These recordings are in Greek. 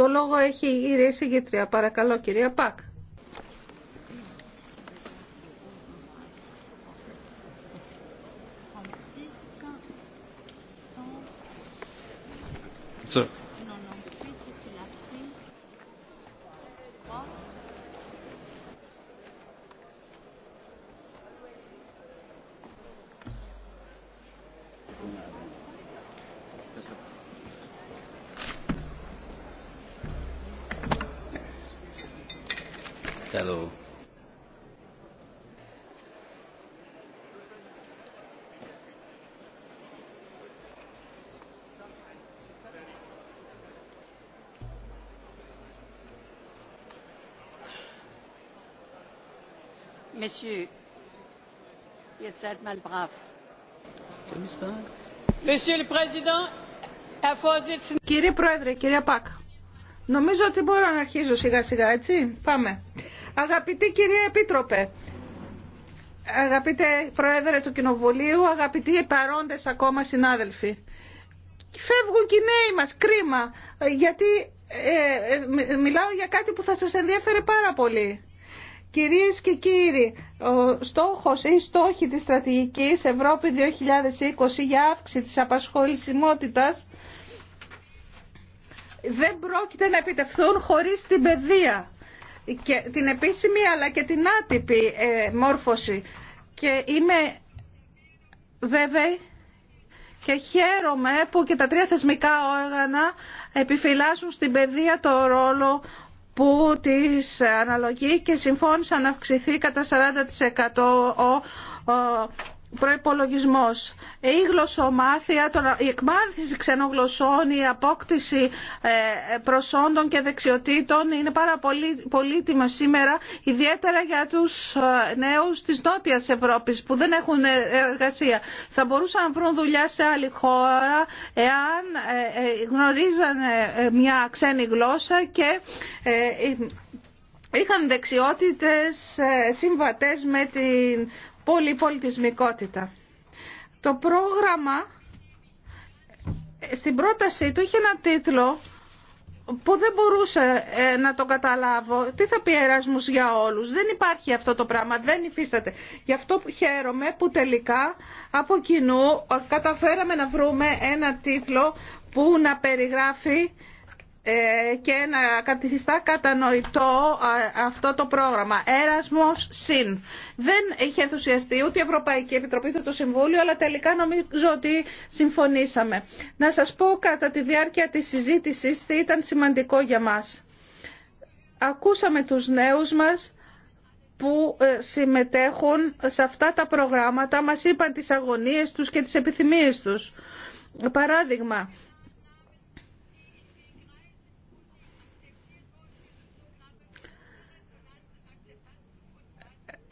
Το λόγο έχει η κυρία Συγκήτρια. Παρακαλώ κυρία Πακ. So. Κύριε Πρόεδρε, κυρία Πακ, νομίζω ότι μπορώ να αρχίζω σιγά σιγά, έτσι, πάμε. Αγαπητή κυρία Επίτροπε, αγαπητέ Πρόεδρε του Κοινοβουλίου, αγαπητοί παρόντες ακόμα συνάδελφοι, φεύγουν και οι νέοι μας, κρίμα, γιατί ε, ε, μιλάω για κάτι που θα σας ενδιαφέρει πάρα πολύ. Κυρίες και κύριοι, ο στόχος ή στόχοι της στρατηγικής Ευρώπη 2020 για αύξηση της απασχολησιμότητας δεν πρόκειται να επιτευχθούν χωρίς την παιδεία, και την επίσημη αλλά και την άτυπη ε, μόρφωση. Και είμαι βέβαιη και χαίρομαι που και τα τρία θεσμικά όργανα επιφυλάσσουν στην παιδεία το ρόλο που τις αναλογεί και συμφώνησαν να αυξηθεί κατά 40% ο προϋπολογισμός, η γλωσσομάθεια, η εκμάθηση ξενογλωσσών η απόκτηση ε, προσόντων και δεξιοτήτων είναι πάρα πολύ πολύτιμα σήμερα, ιδιαίτερα για τους ε, νέους της Νότιας Ευρώπης που δεν έχουν ε, εργασία. Θα μπορούσαν να βρουν δουλειά σε άλλη χώρα εάν γνωρίζανε μια ξένη γλώσσα και είχαν δεξιότητες συμβατές με την πολυπολιτισμικότητα. Το πρόγραμμα στην πρότασή του είχε ένα τίτλο που δεν μπορούσα ε, να το καταλάβω. Τι θα πει Εράσμους για όλους. Δεν υπάρχει αυτό το πράγμα, δεν υφίσταται. Γι' αυτό χαίρομαι που τελικά από κοινού καταφέραμε να βρούμε ένα τίτλο που να περιγράφει ε, και να καθιστά κατανοητό αυτό το πρόγραμμα. Έρασμος ΣΥΝ. Δεν είχε ενθουσιαστεί ούτε η Ευρωπαϊκή Επιτροπή ούτε το Συμβούλιο, αλλά τελικά νομίζω ότι συμφωνήσαμε. Να σας πω κατά τη διάρκεια της συζήτησης τι ήταν σημαντικό για μας. Ακούσαμε τους νέους μας που ε, συμμετέχουν σε αυτά τα προγράμματα, μας είπαν τις αγωνίες τους και τις επιθυμίες τους. Παράδειγμα,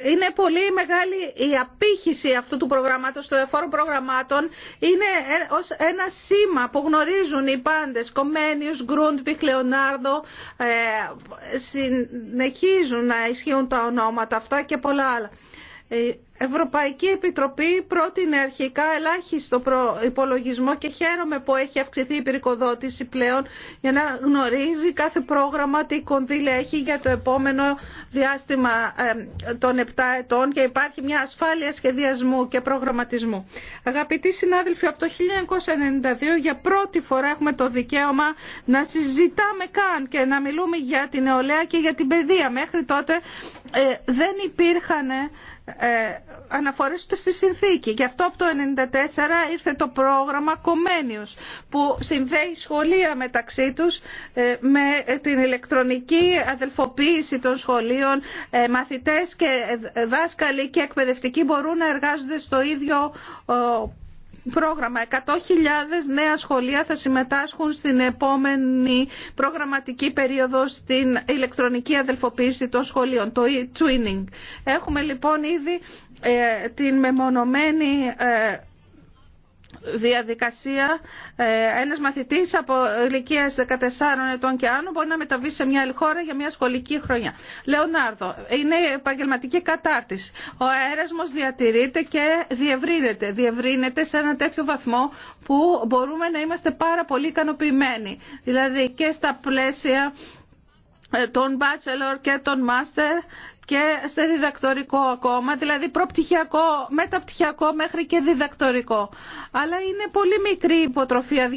είναι πολύ μεγάλη η απήχηση αυτού του προγραμμάτος, του εφόρου προγραμμάτων. Είναι ε, ως ένα σήμα που γνωρίζουν οι πάντες, Κομένιους, Γκρούντ, Λεωνάρδο, ε, συνεχίζουν να ισχύουν τα ονόματα αυτά και πολλά άλλα. Ε, Ευρωπαϊκή Επιτροπή πρότεινε αρχικά ελάχιστο υπολογισμό και χαίρομαι που έχει αυξηθεί η πυρικοδότηση πλέον για να γνωρίζει κάθε πρόγραμμα τι κονδύλια έχει για το επόμενο διάστημα ε, των 7 ετών και υπάρχει μια ασφάλεια σχεδιασμού και προγραμματισμού. Αγαπητοί συνάδελφοι, από το 1992 για πρώτη φορά έχουμε το δικαίωμα να συζητάμε καν και να μιλούμε για την νεολαία και για την παιδεία. Μέχρι τότε ε, δεν υπήρχαν ε, αναφορές στη συνθήκη. Γι' αυτό από το 1994 ήρθε το πρόγραμμα Κομμένιος που συνδέει σχολεία μεταξύ τους ε, με την ηλεκτρονική αδελφοποίηση των σχολείων. Ε, μαθητές και δάσκαλοι και εκπαιδευτικοί μπορούν να εργάζονται στο ίδιο πρόγραμμα. 100.000 νέα σχολεία θα συμμετάσχουν στην επόμενη προγραμματική περίοδο στην ηλεκτρονική αδελφοποίηση των σχολείων, το e-twinning. Έχουμε λοιπόν ήδη ε, την μεμονωμένη ε, διαδικασία ε, ένας μαθητής από ηλικία 14 ετών και άνω μπορεί να μεταβεί σε μια άλλη χώρα για μια σχολική χρονιά. Λεωνάρδο, είναι επαγγελματική κατάρτιση. Ο αέρασμος διατηρείται και διευρύνεται. Διευρύνεται σε ένα τέτοιο βαθμό που μπορούμε να είμαστε πάρα πολύ ικανοποιημένοι. Δηλαδή και στα πλαίσια ε, των bachelor και των master και σε διδακτορικό ακόμα, δηλαδή προπτυχιακό, μεταπτυχιακό μέχρι και διδακτορικό. Αλλά είναι πολύ μικρή υποτροφία, 200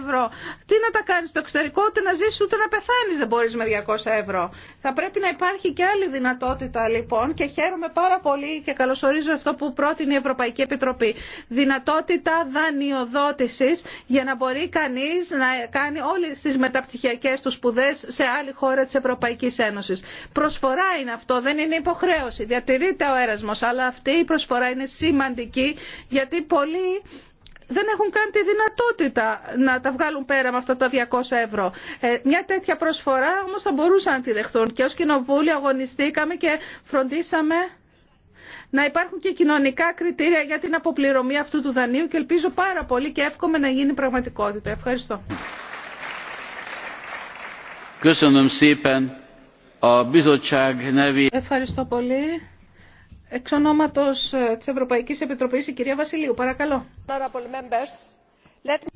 ευρώ. Τι να τα κάνεις στο εξωτερικό, ούτε να ζήσεις ούτε να πεθάνεις δεν μπορείς με 200 ευρώ. Θα πρέπει να υπάρχει και άλλη δυνατότητα λοιπόν και χαίρομαι πάρα πολύ και καλωσορίζω αυτό που πρότεινε η Ευρωπαϊκή Επιτροπή. Δυνατότητα δανειοδότησης για να μπορεί κανείς να κάνει όλες τις μεταπτυχιακές του σπουδές σε άλλη χώρα της Ευρωπαϊκής Ένωσης. Προσφορά είναι αυτό δεν είναι υποχρέωση. Διατηρείται ο έρασμος, αλλά αυτή η προσφορά είναι σημαντική γιατί πολλοί δεν έχουν καν τη δυνατότητα να τα βγάλουν πέρα με αυτά τα 200 ευρώ. Ε, μια τέτοια προσφορά όμως θα μπορούσαν να τη δεχθούν και ως κοινοβούλιο αγωνιστήκαμε και φροντίσαμε να υπάρχουν και κοινωνικά κριτήρια για την αποπληρωμή αυτού του δανείου και ελπίζω πάρα πολύ και εύχομαι να γίνει πραγματικότητα. Ευχαριστώ. Ευχαριστώ πολύ. Εξ ονόματος ε, της Ευρωπαϊκής Επιτροπής, η κυρία Βασιλείου, παρακαλώ.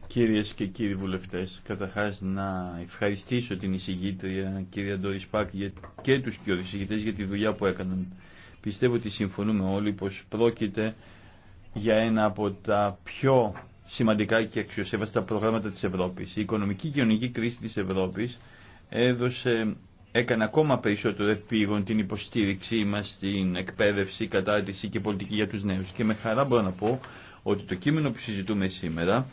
Κυρίες και κύριοι βουλευτές, καταρχάς να ευχαριστήσω την εισηγήτρια κυρία Ντόρις Πάκ και τους κύριους εισηγητές για τη δουλειά που έκαναν. Πιστεύω ότι συμφωνούμε όλοι πως πρόκειται για ένα από τα πιο σημαντικά και αξιοσέβαστα προγράμματα της Ευρώπης. Η οικονομική και κοινωνική κρίση της Ευρώπης έδωσε έκανε ακόμα περισσότερο επίγον την υποστήριξή μας στην εκπαίδευση, κατάρτιση και πολιτική για τους νέους. Και με χαρά μπορώ να πω ότι το κείμενο που συζητούμε σήμερα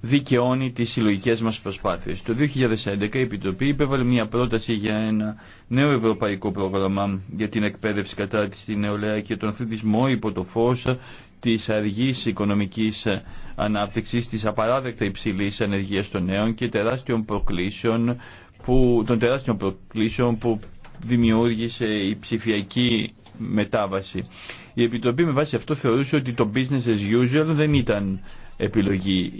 δικαιώνει τις συλλογικέ μας προσπάθειες. Το 2011 η Επιτροπή υπέβαλε μια πρόταση για ένα νέο ευρωπαϊκό πρόγραμμα για την εκπαίδευση κατάρτιση, της νεολαία και τον αθλητισμό υπό το φως της αργής οικονομικής ανάπτυξης, της απαράδεκτα υψηλή ανεργίας των νέων και τεράστιων προκλήσεων που, των τεράστιων προκλήσεων που δημιούργησε η ψηφιακή μετάβαση. Η Επιτροπή με βάση αυτό θεωρούσε ότι το business as usual δεν ήταν επιλογή.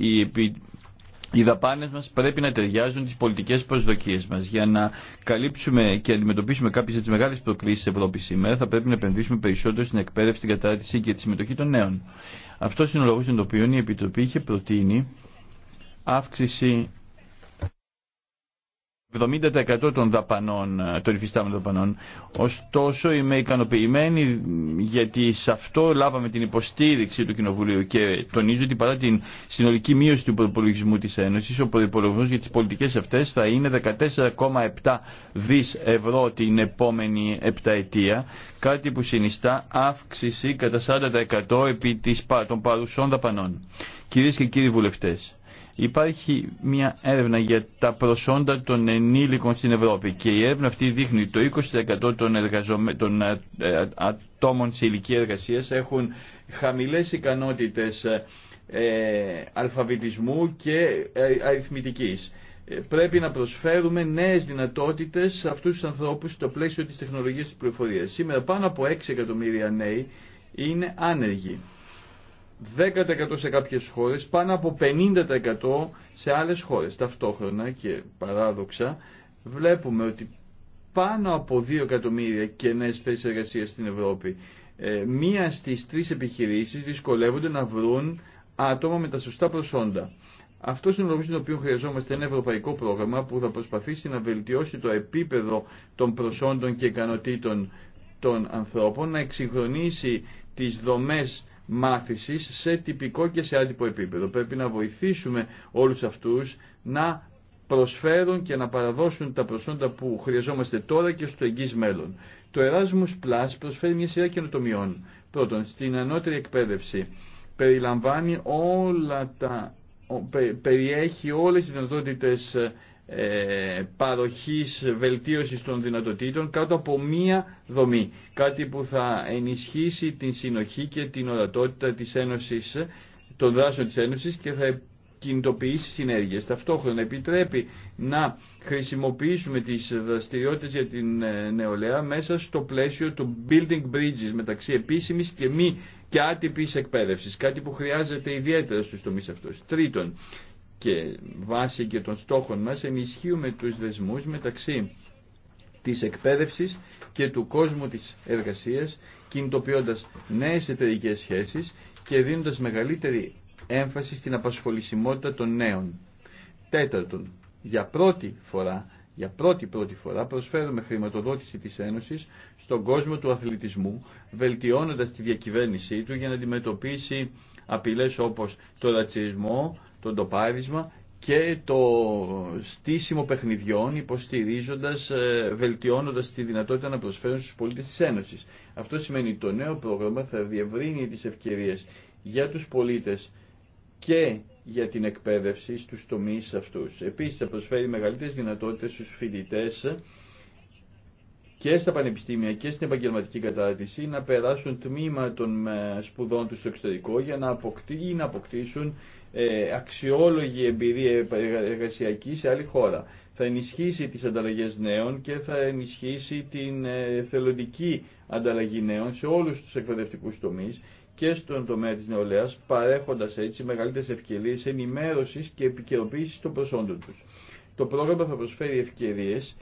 Οι δαπάνες μας πρέπει να ταιριάζουν τις πολιτικές προσδοκίες μας. Για να καλύψουμε και αντιμετωπίσουμε κάποιες από τις μεγάλες προκλήσεις της Ευρώπης σήμερα θα πρέπει να επενδύσουμε περισσότερο στην εκπαίδευση, την κατάρτιση και τη συμμετοχή των νέων. Αυτό είναι ο λόγος τον οποίο η Επιτροπή είχε προτείνει αύξηση 70% των δαπανών, ε, των υφιστάμενων δαπανών. Ωστόσο είμαι ικανοποιημένη γιατί σε αυτό λάβαμε την υποστήριξη του Κοινοβουλίου και τονίζω ότι παρά την συνολική μείωση του προπολογισμού της Ένωσης, ο προπολογισμό για τις πολιτικές αυτές θα είναι 14,7 δις ευρώ την επόμενη επταετία, κάτι που συνιστά αύξηση κατά 40% επί των παρουσών δαπανών. Κυρίες και κύριοι βουλευτές, Υπάρχει μια έρευνα για τα προσόντα των ενήλικων στην Ευρώπη και η έρευνα αυτή δείχνει το 20% των, εργαζομε... των ε, ε, ατόμων σε ηλικία εργασίας έχουν χαμηλές ικανότητες ε, αλφαβητισμού και αριθμητικής. Πρέπει να προσφέρουμε νέες δυνατότητες σε αυτούς τους ανθρώπους στο πλαίσιο της τεχνολογίας της πληροφορίας. Σήμερα πάνω από 6 εκατομμύρια νέοι είναι άνεργοι. 10% σε κάποιες χώρες, πάνω από 50% σε άλλες χώρες. Ταυτόχρονα και παράδοξα βλέπουμε ότι πάνω από 2 εκατομμύρια κενές θέσει εργασίας στην Ευρώπη ε, μία στις τρεις επιχειρήσεις δυσκολεύονται να βρουν άτομα με τα σωστά προσόντα. Αυτό είναι ο λόγο τον οποίο χρειαζόμαστε ένα ευρωπαϊκό πρόγραμμα που θα προσπαθήσει να βελτιώσει το επίπεδο των προσόντων και ικανοτήτων των ανθρώπων, να εξυγχρονίσει τις δομές μάθησης σε τυπικό και σε άτυπο επίπεδο. Πρέπει να βοηθήσουμε όλους αυτούς να προσφέρουν και να παραδώσουν τα προσόντα που χρειαζόμαστε τώρα και στο εγγύς μέλλον. Το Erasmus Plus προσφέρει μια σειρά καινοτομιών. Πρώτον, στην ανώτερη εκπαίδευση περιλαμβάνει όλα τα περιέχει όλες τις δυνατότητες ε, ε, παροχής βελτίωσης των δυνατοτήτων κάτω από μία δομή. Κάτι που θα ενισχύσει την συνοχή και την ορατότητα της Ένωσης, των δράσεων της Ένωσης και θα κινητοποιήσει συνέργειες. Ταυτόχρονα επιτρέπει να χρησιμοποιήσουμε τις δραστηριότητες για την ε, νεολαία μέσα στο πλαίσιο του building bridges μεταξύ επίσημης και μη και άτυπης εκπαίδευσης. Κάτι που χρειάζεται ιδιαίτερα στους τομείς αυτούς. Τρίτον, και βάσει και των στόχων μας ενισχύουμε τους δεσμούς μεταξύ της εκπαίδευσης και του κόσμου της εργασίας κινητοποιώντας νέες εταιρικέ σχέσεις και δίνοντας μεγαλύτερη έμφαση στην απασχολησιμότητα των νέων. Τέταρτον, για πρώτη φορά για πρώτη πρώτη φορά προσφέρουμε χρηματοδότηση της Ένωσης στον κόσμο του αθλητισμού, βελτιώνοντας τη διακυβέρνησή του για να αντιμετωπίσει απειλές όπως το ρατσισμό, το τοπάρισμα και το στήσιμο παιχνιδιών υποστηρίζοντας, ε, βελτιώνοντας τη δυνατότητα να προσφέρουν στους πολίτες της Ένωσης. Αυτό σημαίνει ότι το νέο πρόγραμμα θα διευρύνει τις ευκαιρίες για τους πολίτες και για την εκπαίδευση στους τομείς αυτούς. Επίσης θα προσφέρει μεγαλύτερες δυνατότητες στους φοιτητές και στα πανεπιστήμια και στην επαγγελματική κατάρτιση να περάσουν τμήμα των ε, σπουδών του στο εξωτερικό για να να αποκτήσουν ε, αξιόλογη εμπειρία εργασιακή σε άλλη χώρα. Θα ενισχύσει τις ανταλλαγές νέων και θα ενισχύσει την ε, θελοντική ανταλλαγή νέων σε όλους τους εκπαιδευτικούς τομείς και στον τομέα της νεολαίας, παρέχοντας έτσι μεγαλύτερες ευκαιρίες ενημέρωσης και επικαιροποίησης των προσόντων τους. Το πρόγραμμα θα προσφέρει ευκαιρίες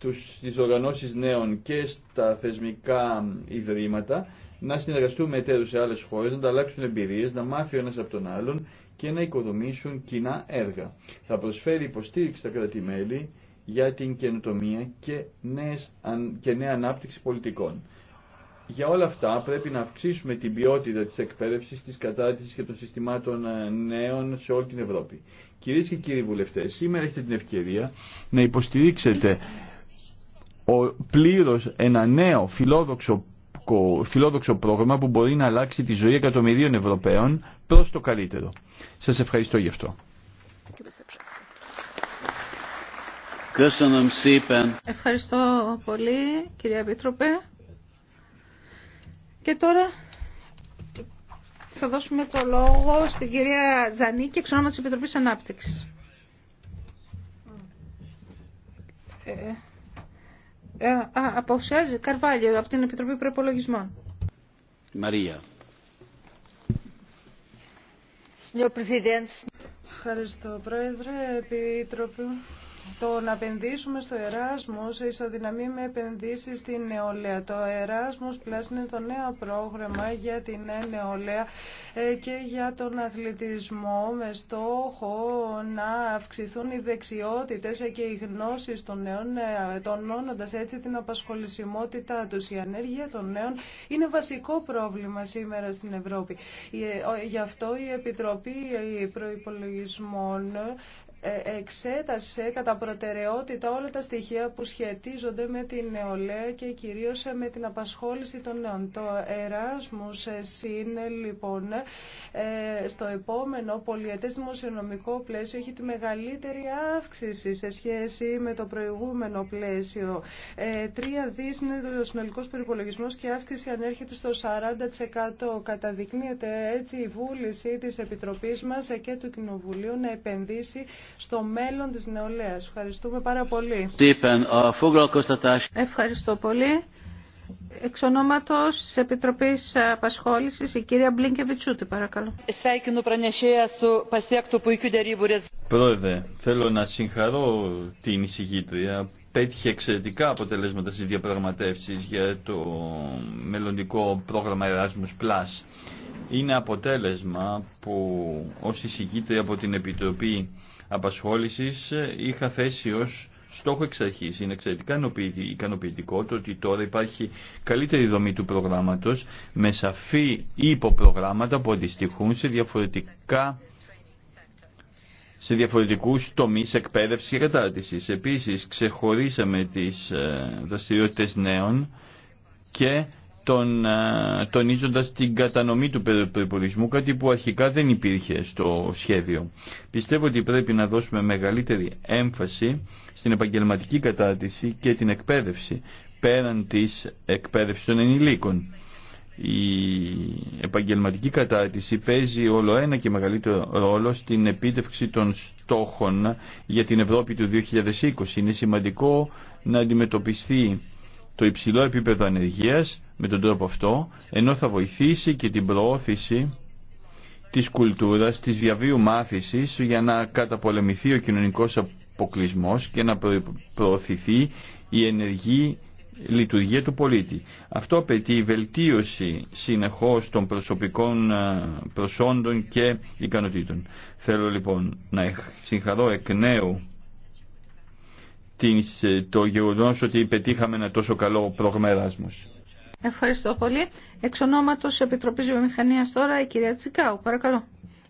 τους, τις οργανώσεις νέων και στα θεσμικά ιδρύματα, να συνεργαστούν με εταίρους σε άλλες χώρες, να ανταλλάξουν εμπειρίες, να μάθει ο ένας από τον άλλον και να οικοδομήσουν κοινά έργα. Θα προσφέρει υποστήριξη στα κράτη-μέλη για την καινοτομία και, νέες, και νέα ανάπτυξη πολιτικών. Για όλα αυτά πρέπει να αυξήσουμε την ποιότητα της εκπαίδευσης, της κατάρτισης και των συστημάτων ε, νέων σε όλη την Ευρώπη. Κυρίες και κύριοι βουλευτές, σήμερα έχετε την ευκαιρία να υποστηρίξετε ο, πλήρως ένα νέο φιλόδοξο, φιλόδοξο πρόγραμμα που μπορεί να αλλάξει τη ζωή εκατομμυρίων Ευρωπαίων προς το καλύτερο. Σας ευχαριστώ γι' αυτό. Ευχαριστώ πολύ κυρία Επίτροπε. Και τώρα θα δώσουμε το λόγο στην κυρία Ζανίκη, εξ ονόματος της Επιτροπής Ανάπτυξης. Ε, ε, α, αποουσιάζει Καρβάλιο από την Επιτροπή Προπολογισμών. Μαρία. Ευχαριστώ, Πρόεδρε, Επιτροπή. Το να επενδύσουμε στο Εράσμος ισοδυναμεί με επενδύσεις στην νεολαία. Το Εράσμος Plus είναι το νέο πρόγραμμα για την νεολαία ε, και για τον αθλητισμό με στόχο να αυξηθούν οι δεξιότητες ε, και οι γνώσεις των νέων, ε, τονώνοντας έτσι την απασχολησιμότητά τους. Η ανέργεια των νέων είναι βασικό πρόβλημα σήμερα στην Ευρώπη. Γι' αυτό η Επιτροπή Προϋπολογισμών ε, εξέτασε κατά προτεραιότητα όλα τα στοιχεία που σχετίζονται με την νεολαία και κυρίως ε, με την απασχόληση των νέων. Το Εράσμους είναι λοιπόν ε, στο επόμενο πολιετές δημοσιονομικό πλαίσιο έχει τη μεγαλύτερη αύξηση σε σχέση με το προηγούμενο πλαίσιο. Τρία δις είναι ο συνολικός περιπολογισμός και η αύξηση ανέρχεται στο 40%. Καταδεικνύεται έτσι η βούληση της Επιτροπής μας και του Κοινοβουλίου να επενδύσει στο μέλλον της νεολαίας. Ευχαριστούμε πάρα πολύ. Ευχαριστώ πολύ. Εξ ονόματος της Επιτροπής Απασχόλησης, η κυρία Μπλίνκεβιτσούτη, παρακαλώ. Πρόεδρε, θέλω να συγχαρώ την εισηγήτρια. Πέτυχε εξαιρετικά αποτελέσματα στις διαπραγματεύσεις για το μελλοντικό πρόγραμμα Erasmus Plus. Είναι αποτέλεσμα που ως εισηγήτρια από την Επιτροπή απασχόλησης ε, είχα θέσει ως στόχο εξ αρχής. Είναι εξαιρετικά ικανοποιητικό το ότι τώρα υπάρχει καλύτερη δομή του προγράμματος με σαφή υποπρογράμματα που αντιστοιχούν σε διαφορετικά σε διαφορετικούς τομείς εκπαίδευσης και κατάρτισης. Επίσης, ξεχωρίσαμε τις ε, δραστηριότητε νέων και τον, ε, τονίζοντας την κατανομή του περιπολισμού, κάτι που αρχικά δεν υπήρχε στο σχέδιο. Πιστεύω ότι πρέπει να δώσουμε μεγαλύτερη έμφαση στην επαγγελματική κατάρτιση και την εκπαίδευση, πέραν της εκπαίδευσης των ενηλίκων. Η επαγγελματική κατάρτιση παίζει όλο ένα και μεγαλύτερο ρόλο στην επίτευξη των στόχων για την Ευρώπη του 2020. Είναι σημαντικό να αντιμετωπιστεί το υψηλό επίπεδο ανεργίας με τον τρόπο αυτό, ενώ θα βοηθήσει και την προώθηση της κουλτούρας, της διαβίου μάθησης για να καταπολεμηθεί ο κοινωνικός αποκλεισμός και να προωθηθεί η ενεργή λειτουργία του πολίτη. Αυτό απαιτεί βελτίωση συνεχώς των προσωπικών ε, προσόντων και ικανοτήτων. Θέλω λοιπόν να συγχαρώ εκ νέου ε, το γεγονό ότι πετύχαμε ένα τόσο καλό προγμεράσμος. Ευχαριστώ πολύ. Εξ ονόματο Επιτροπή Βιομηχανία τώρα η κυρία Τσικάου. Παρακαλώ.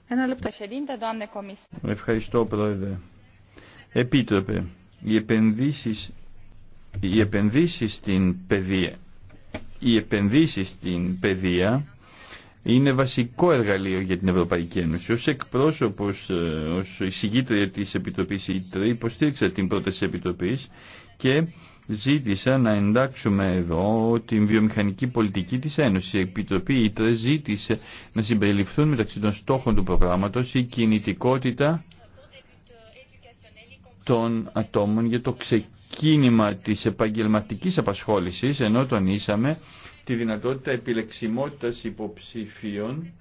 Ένα λεπτό. Ευχαριστώ, Πρόεδρε. Επίτροπε, οι επενδύσεις, οι επενδύσεις στην παιδεία, οι επενδύσεις στην παιδεία είναι βασικό εργαλείο για την Ευρωπαϊκή Ένωση. Ως εκπρόσωπος, ε, ως εισηγήτρια της Επιτροπής ΙΤΡΕ υποστήριξα την πρόταση της Επιτροπής και ζήτησα να εντάξουμε εδώ την βιομηχανική πολιτική της Ένωσης. Η Επιτροπή ΙΤΡΕ ζήτησε να συμπεριληφθούν μεταξύ των στόχων του προγράμματος η κινητικότητα των ατόμων για το ξεκίνημα της επαγγελματικής απασχόλησης, ενώ τονίσαμε τη δυνατότητα επιλεξιμότητας υποψηφίων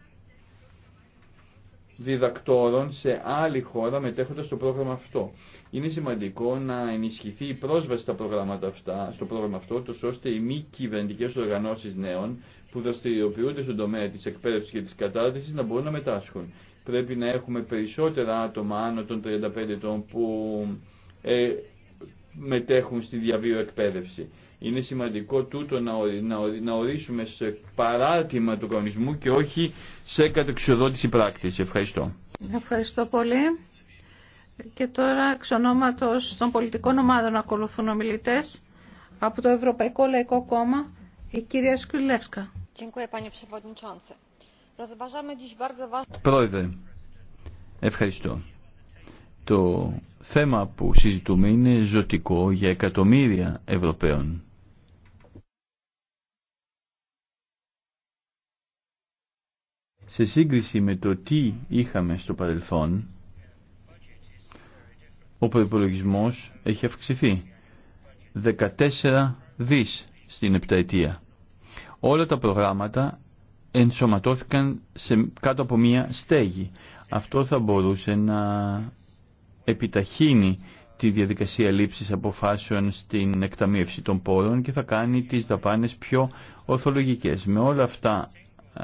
διδακτόρων σε άλλη χώρα μετέχοντας το πρόγραμμα αυτό είναι σημαντικό να ενισχυθεί η πρόσβαση στα προγράμματα αυτά, στο πρόγραμμα αυτό, ώστε οι μη κυβερνητικέ οργανώσει νέων που δραστηριοποιούνται στον τομέα τη εκπαίδευση και τη κατάρτιση να μπορούν να μετάσχουν. Πρέπει να έχουμε περισσότερα άτομα άνω των 35 ετών που ε, μετέχουν στη διαβίω εκπαίδευση. Είναι σημαντικό τούτο να, να, ορίσουμε σε παράτημα του κανονισμού και όχι σε κατεξοδότηση πράκτηση. Ευχαριστώ. Ευχαριστώ πολύ. Και τώρα εξ ονόματος των πολιτικών ομάδων ακολουθούν ομιλητές από το Ευρωπαϊκό Λαϊκό Κόμμα η κυρία Σκουλεύσκα. Πρόεδρε, ευχαριστώ. Το θέμα που συζητούμε είναι ζωτικό για εκατομμύρια Ευρωπαίων. Σε σύγκριση με το τι είχαμε στο παρελθόν, ο προπολογισμό έχει αυξηθεί. 14 δις στην επταετία. Όλα τα προγράμματα ενσωματώθηκαν σε, κάτω από μία στέγη. Αυτό θα μπορούσε να επιταχύνει τη διαδικασία λήψης αποφάσεων στην εκταμείευση των πόρων και θα κάνει τις δαπάνες πιο ορθολογικές. Με όλα αυτά ε,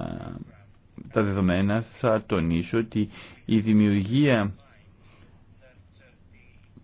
τα δεδομένα θα τονίσω ότι η δημιουργία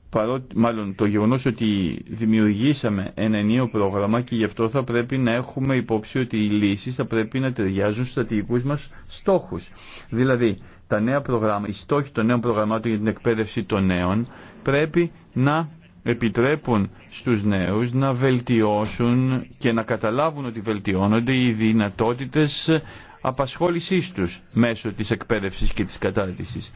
παρότι, μάλλον το γεγονός ότι δημιουργήσαμε ένα νέο πρόγραμμα και γι' αυτό θα πρέπει να έχουμε υπόψη ότι οι λύσεις θα πρέπει να ταιριάζουν στους στρατηγικούς μας στόχους. Δηλαδή, τα νέα προγράμματα, οι στόχοι των νέων προγραμμάτων για την εκπαίδευση των νέων πρέπει να επιτρέπουν στους νέους να βελτιώσουν και να καταλάβουν ότι βελτιώνονται οι δυνατότητες απασχόλησής τους μέσω της εκπαίδευσης και της κατάρτισης.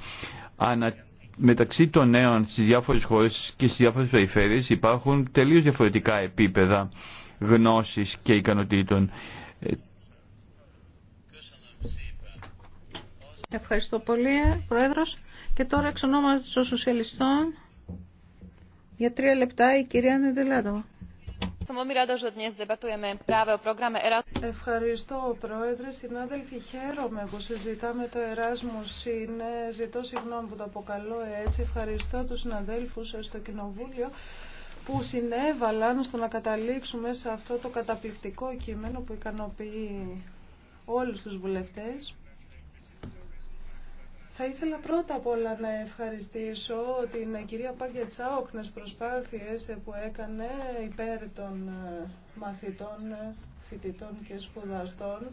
Ανα μεταξύ των νέων στις διάφορες χώρες και στις διάφορες περιφέρειες υπάρχουν τελείως διαφορετικά επίπεδα γνώσης και ικανοτήτων. Ευχαριστώ πολύ, Πρόεδρος. Και τώρα εξ ονόμαστε των Σοσιαλιστών, για τρία λεπτά η κυρία Νεντελάτοβα. Ευχαριστώ, Πρόεδρε. Συνάδελφοι, χαίρομαι που συζητάμε το Εράσμους. Είναι, ζητώ συγγνώμη που το αποκαλώ έτσι. Ευχαριστώ του συναδέλφου στο Κοινοβούλιο που συνέβαλαν στο να καταλήξουμε σε αυτό το καταπληκτικό κείμενο που ικανοποιεί όλους τους βουλευτές. Θα ήθελα πρώτα απ' όλα να ευχαριστήσω την κυρία Πάγια Τσάοκνες προσπάθειες που έκανε υπέρ των ε, μαθητών, ε, φοιτητών και σπουδαστών.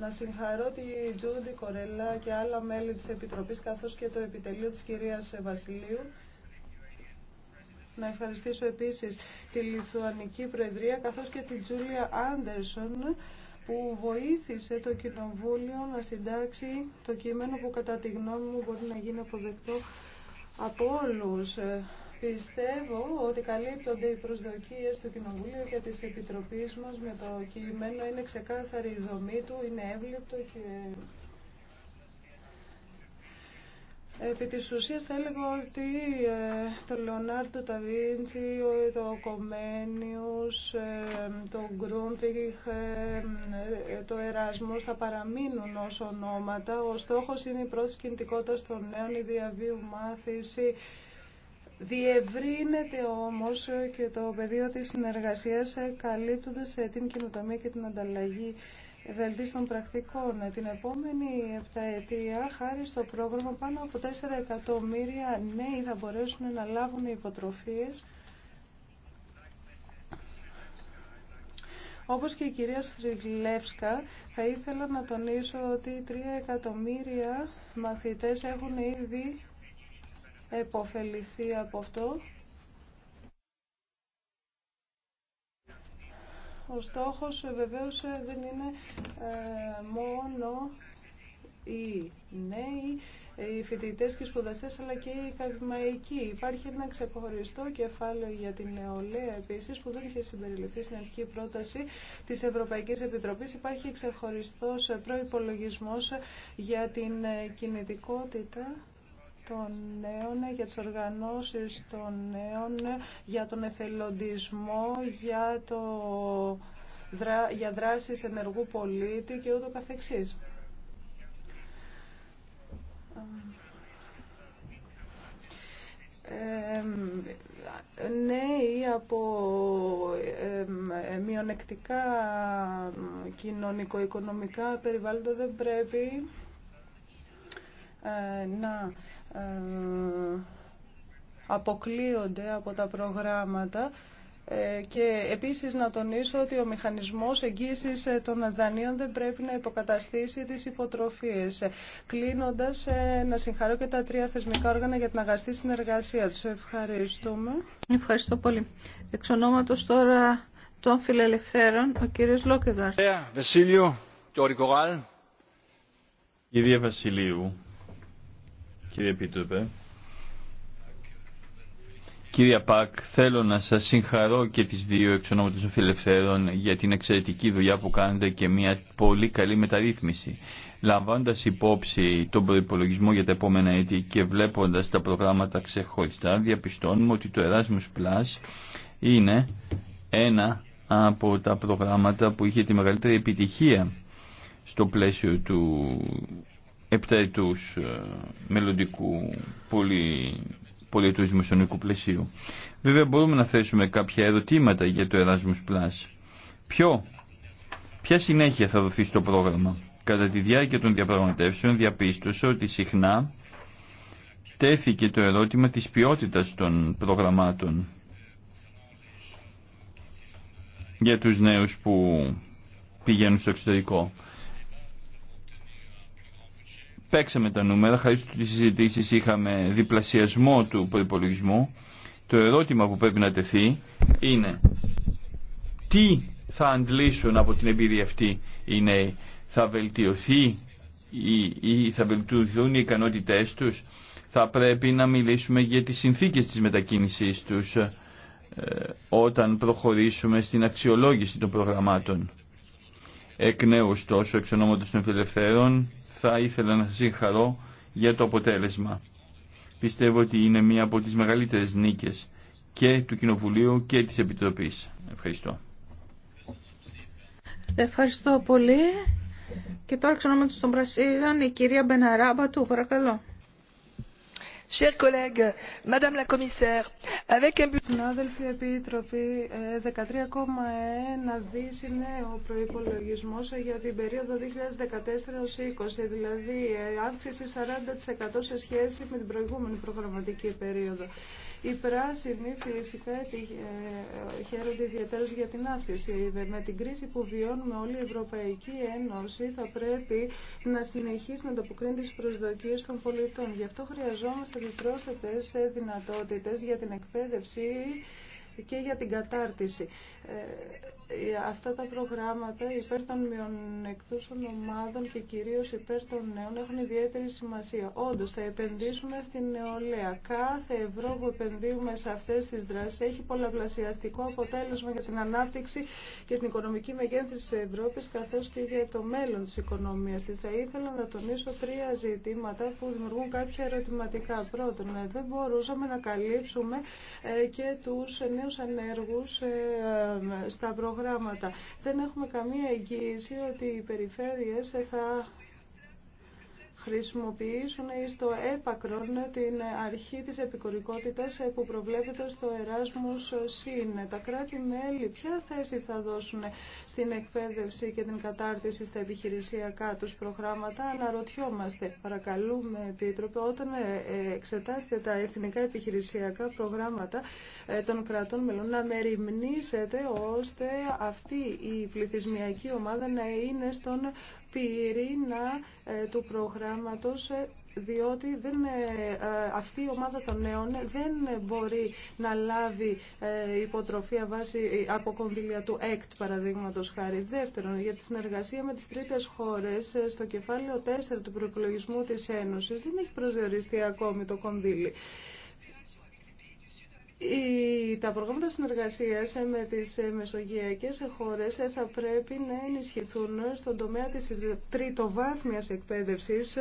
Να συγχαρώ τη Τζούντι Κορέλα και άλλα μέλη της Επιτροπής καθώς και το επιτελείο της κυρίας Βασιλείου. Να ευχαριστήσω επίσης τη Λιθουανική Προεδρία καθώς και την Τζούλια Άντερσον που βοήθησε το Κοινοβούλιο να συντάξει το κείμενο που κατά τη γνώμη μου μπορεί να γίνει αποδεκτό από όλους. Πιστεύω ότι καλύπτονται οι προσδοκίες του Κοινοβουλίου και της επιτροπή μας με το κείμενο. Είναι ξεκάθαρη η δομή του, είναι εύληπτο και Επί της ουσίας θα έλεγα ότι ε, το Λεωνάρντο Ταβίντσι, το Κομένιους, ε, το Γκρούνφιχ, ε, το Εράσμος θα παραμείνουν ως ονόματα. Ο στόχος είναι η πρώτη κινητικότητα των νέων, η διαβίου μάθηση. Διευρύνεται όμως και το πεδίο της συνεργασίας καλύπτοντας την κοινοτομία και την ανταλλαγή βελτίστων πρακτικών. Την επόμενη επταετία, χάρη στο πρόγραμμα, πάνω από 4 εκατομμύρια νέοι θα μπορέσουν να λάβουν υποτροφίες Όπως και η κυρία Στριγλεύσκα, θα ήθελα να τονίσω ότι 3 εκατομμύρια μαθητές έχουν ήδη επωφεληθεί από αυτό Ο στόχος ε, βεβαίως ε, δεν είναι ε, μόνο οι νέοι, οι φοιτητέ και οι σπουδαστέ, αλλά και οι ακαδημαϊκοί. Υπάρχει ένα ξεχωριστό κεφάλαιο για την νεολαία επίση, που δεν είχε συμπεριληφθεί στην αρχική πρόταση τη Ευρωπαϊκή Επιτροπή. Υπάρχει ξεχωριστό προπολογισμό για την κινητικότητα των νέων, για τις οργανώσεις των νέων, για τον εθελοντισμό, για, το, για δράσεις ενεργού πολίτη και ούτω καθεξής. Ε, νέοι από ε, μειονεκτικά κοινωνικο-οικονομικά περιβάλλοντα δεν πρέπει ε, να ε, αποκλείονται από τα προγράμματα ε, και επίσης να τονίσω ότι ο μηχανισμός εγγύησης ε, των δανείων δεν πρέπει να υποκαταστήσει τις υποτροφίες. Κλείνοντας, να συγχαρώ και τα τρία θεσμικά όργανα για την αγαστή συνεργασία τους. Ευχαριστούμε. Ευχαριστώ πολύ. Εξ ονόματος τώρα των φιλελευθέρων, ο κύριος Λόκεγαρ. Βασίλειο, Κύριε Βασιλείου, κύριε Επίτροπε. Κύριε Πακ, θέλω να σας συγχαρώ και τις δύο ονόματος των για την εξαιρετική δουλειά που κάνετε και μια πολύ καλή μεταρρύθμιση. Λαμβάνοντας υπόψη τον προϋπολογισμό για τα επόμενα έτη και βλέποντας τα προγράμματα ξεχωριστά, διαπιστώνουμε ότι το Erasmus Plus είναι ένα από τα προγράμματα που είχε τη μεγαλύτερη επιτυχία στο πλαίσιο του επταετούς ε, μελλοντικού πολυ, πολυετούς πλαισίου. Βέβαια μπορούμε να θέσουμε κάποια ερωτήματα για το Erasmus Plus. Ποιο, ποια συνέχεια θα δοθεί στο πρόγραμμα. Κατά τη διάρκεια των διαπραγματεύσεων διαπίστωσα ότι συχνά τέθηκε το ερώτημα της ποιότητας των προγραμμάτων για τους νέους που πηγαίνουν στο εξωτερικό παίξαμε τα νούμερα, χάρη στις συζητήσεις είχαμε διπλασιασμό του προπολογισμού. Το ερώτημα που πρέπει να τεθεί είναι τι θα αντλήσουν από την εμπειρία αυτή οι νέοι. Θα βελτιωθεί ή, ή θα βελτιωθούν οι ικανότητές τους. Θα πρέπει να μιλήσουμε για τις συνθήκες της μετακίνησής τους ε, όταν προχωρήσουμε στην αξιολόγηση των προγραμμάτων. Εκ νέου, τόσο εξ ονόματος των φιλελευθέρων, θα ήθελα να σας συγχαρώ για το αποτέλεσμα. Πιστεύω ότι είναι μία από τις μεγαλύτερες νίκες και του Κοινοβουλίου και της Επιτροπής. Ευχαριστώ. Ευχαριστώ πολύ. Και τώρα ξανά στον Πρασίγαν η κυρία Μπεναράμπα του, παρακαλώ. Chers collègues, Συνάδελφοι Επίτροποι, 13,1 ε, δις είναι ο για την περίοδο 2014-2020, δηλαδή ε, αύξηση 40% σε σχέση με την προηγούμενη προγραμματική περίοδο. Οι πράσινοι φυσικά ε, χαίρονται ιδιαίτερα για την άφηση. Με την κρίση που βιώνουμε όλη η Ευρωπαϊκή Ένωση θα πρέπει να συνεχίσει να ανταποκρίνει τις προσδοκίες των πολιτών. Γι' αυτό χρειαζόμαστε διπρόσθετες δυνατότητες για την εκπαίδευση και για την κατάρτιση. Ε, αυτά τα προγράμματα υπέρ των μειονεκτούσων ομάδων και κυρίως υπέρ των νέων έχουν ιδιαίτερη σημασία. Όντως θα επενδύσουμε στην νεολαία. Κάθε ευρώ που επενδύουμε σε αυτές τις δράσεις έχει πολλαπλασιαστικό αποτέλεσμα για την ανάπτυξη και την οικονομική μεγέθυνση της Ευρώπης καθώς και για το μέλλον της οικονομίας της. Θα ήθελα να τονίσω τρία ζητήματα που δημιουργούν κάποια ερωτηματικά. Πρώτον, ε, δεν μπορούσαμε να καλύψουμε ε, και τους νέους ανέργους ε, στα προγράμματα δεν έχουμε καμία εγγύηση ότι οι περιφέρειες θα χρησιμοποιήσουν εις το έπακρον την αρχή της επικορικότητας που προβλέπεται στο Εράσμους ΣΥΝ. Τα κράτη-μέλη ποια θέση θα δώσουν στην εκπαίδευση και την κατάρτιση στα επιχειρησιακά τους προγράμματα αναρωτιόμαστε. Παρακαλούμε, Επίτροπε, όταν ε, εξετάσετε τα εθνικά επιχειρησιακά προγράμματα ε, των κρατών μελών να μεριμνήσετε ώστε αυτή η πληθυσμιακή ομάδα να είναι στον πυρήνα ε, του προγράμματος ε, διότι δεν, ε, αυτή η ομάδα των νέων δεν μπορεί να λάβει υποτροφία βάση από κονδύλια του ΕΚΤ, παραδείγματο χάρη. Δεύτερον, για τη συνεργασία με τις τρίτες χώρες, στο κεφάλαιο 4 του προεκλογισμού της Ένωσης δεν έχει προσδιοριστεί ακόμη το κονδύλι τα προγράμματα συνεργασίας με τις μεσογειακές χώρες θα πρέπει να ενισχυθούν στον τομέα της τριτοβάθμιας εκπαίδευσης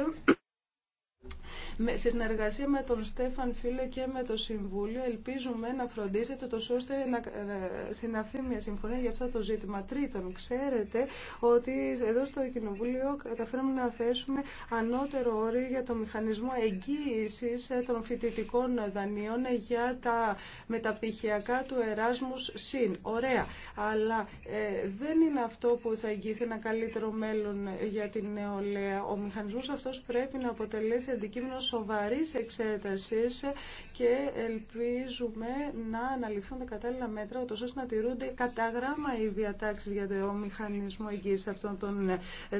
σε συνεργασία με τον Στέφαν Φίλε και με το Συμβούλιο ελπίζουμε να φροντίσετε το ώστε να ε, συναυθεί μια συμφωνία για αυτό το ζήτημα. Τρίτον, ξέρετε ότι εδώ στο Κοινοβούλιο καταφέραμε να θέσουμε ανώτερο όριο για το μηχανισμό εγγύηση ε, των φοιτητικών δανείων ε, για τα μεταπτυχιακά του Εράσμους ΣΥΝ. Ωραία, αλλά δεν είναι αυτό που θα εγγύθει ένα καλύτερο μέλλον για την νεολαία. Ο μηχανισμός αυτός πρέπει να αποτελέσει αντικείμενο σοβαρής εξέτασης και ελπίζουμε να αναλυθούν τα κατάλληλα μέτρα, ώστε να τηρούνται κατά γράμμα οι διατάξεις για το μηχανισμό εγγύηση αυτών των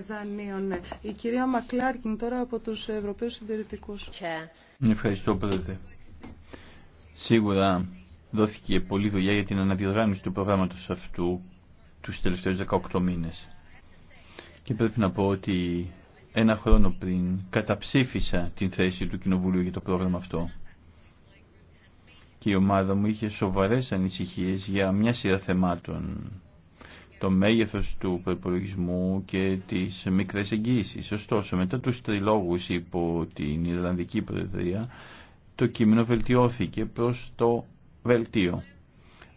δανείων. Η κυρία Μακλάρκιν τώρα από τους Ευρωπαίους Συντηρητικούς. Ευχαριστώ, Πρόεδρε. Σίγουρα δόθηκε πολλή δουλειά για την αναδιοργάνωση του προγράμματος αυτού τους τελευταίους 18 μήνες. Και πρέπει να πω ότι ένα χρόνο πριν καταψήφισα την θέση του Κοινοβουλίου για το πρόγραμμα αυτό. Και η ομάδα μου είχε σοβαρές ανησυχίες για μια σειρά θεμάτων. Το μέγεθος του προπολογισμού και τις μικρές εγγύησεις. Ωστόσο, μετά τους τριλόγους υπό την Ιρλανδική Προεδρία, το κείμενο βελτιώθηκε προς το βελτίο.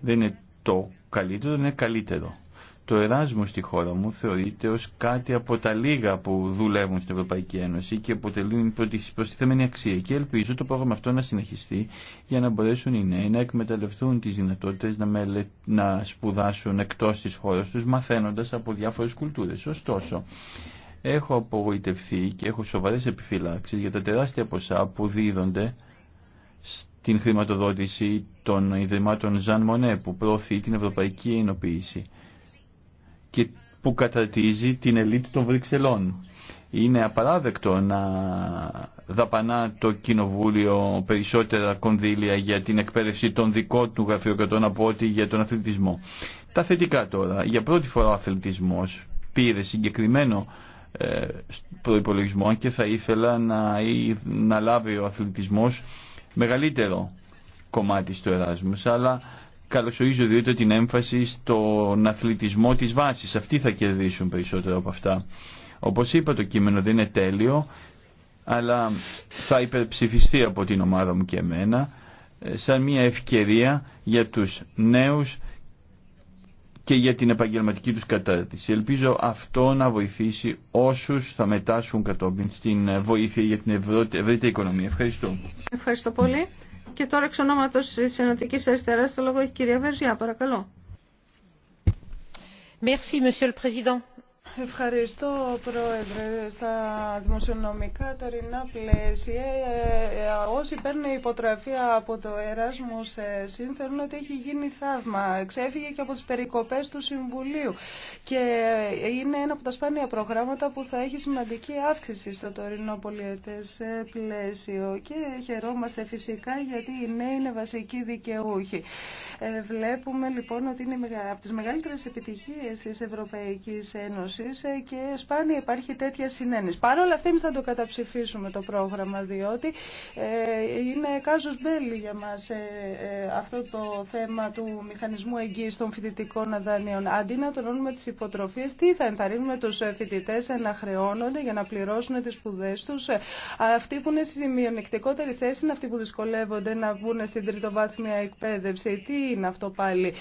Δεν είναι το καλύτερο, είναι καλύτερο. Το Εράσμο στη χώρα μου θεωρείται ως κάτι από τα λίγα που δουλεύουν στην Ευρωπαϊκή Ένωση και αποτελούν προστιθέμενη αξία και ελπίζω το πρόγραμμα αυτό να συνεχιστεί για να μπορέσουν οι νέοι να εκμεταλλευτούν τις δυνατότητες να, μελε... να σπουδάσουν εκτός της χώρας τους μαθαίνοντας από διάφορες κουλτούρες. Ωστόσο, έχω απογοητευθεί και έχω σοβαρές επιφυλάξεις για τα τεράστια ποσά που δίδονται στην χρηματοδότηση των Ιδρυμάτων Ζαν Μονέ που προωθεί την ευρωπαϊκή ενοποίηση και που καταρτίζει την ελίτ των Βρυξελών. Είναι απαράδεκτο να δαπανά το Κοινοβούλιο περισσότερα κονδύλια για την εκπαίδευση των δικών του γραφειοκρατών από ό,τι για τον αθλητισμό. Τα θετικά τώρα. Για πρώτη φορά ο αθλητισμός πήρε συγκεκριμένο ε, προϋπολογισμό και θα ήθελα να, να λάβει ο αθλητισμός μεγαλύτερο κομμάτι στο εράσμος... αλλά καλωσορίζω διότι την έμφαση στον αθλητισμό της βάσης. Αυτοί θα κερδίσουν περισσότερο από αυτά. Όπως είπα το κείμενο δεν είναι τέλειο, αλλά θα υπερψηφιστεί από την ομάδα μου και εμένα ε, σαν μια ευκαιρία για τους νέους και για την επαγγελματική τους κατάρτιση. Ελπίζω αυτό να βοηθήσει όσους θα μετάσχουν κατόπιν στην ε, βοήθεια για την ευρύτερη οικονομία. Ευχαριστώ. Ευχαριστώ πολύ. Και τώρα εξ ονόματο τη Ενωτική Αριστερά το λόγο έχει η κυρία Βερζιά. Παρακαλώ. Merci, Monsieur le Président. Ευχαριστώ, Πρόεδρε. Στα δημοσιονομικά τωρινά πλαίσια, ε, ε, όσοι παίρνουν υποτροφία από το έρασμο ε, ΣΥΝ θεωρούν ότι έχει γίνει θαύμα. Ξέφυγε και από τις περικοπές του Συμβουλίου και είναι ένα από τα σπάνια προγράμματα που θα έχει σημαντική αύξηση στο τωρινό πολιετές πλαίσιο και χαιρόμαστε φυσικά γιατί οι νέοι είναι βασικοί δικαιούχοι. Βλέπουμε λοιπόν ότι είναι από τις μεγαλύτερες επιτυχίες της Ευρωπαϊκής Ένωσης ε, και σπάνια υπάρχει τέτοια συνένεση. Παρ' όλα αυτά εμεί θα το καταψηφίσουμε το πρόγραμμα διότι ε, είναι κάζος μπέλη για μας ε, αυτό το θέμα του μηχανισμού εγγύηση των φοιτητικών δανείων. Αντί να τονώνουμε τι υποτροφίε, τι θα ενθαρρύνουμε του φοιτητέ να χρεώνονται για να πληρώσουν τις σπουδές τους. Αυτοί που είναι στη μειονεκτικότερη θέση είναι αυτοί που δυσκολεύονται να βγουν στην τριτοβάθμια εκπαίδευση. Τι είναι αυτό πάλι.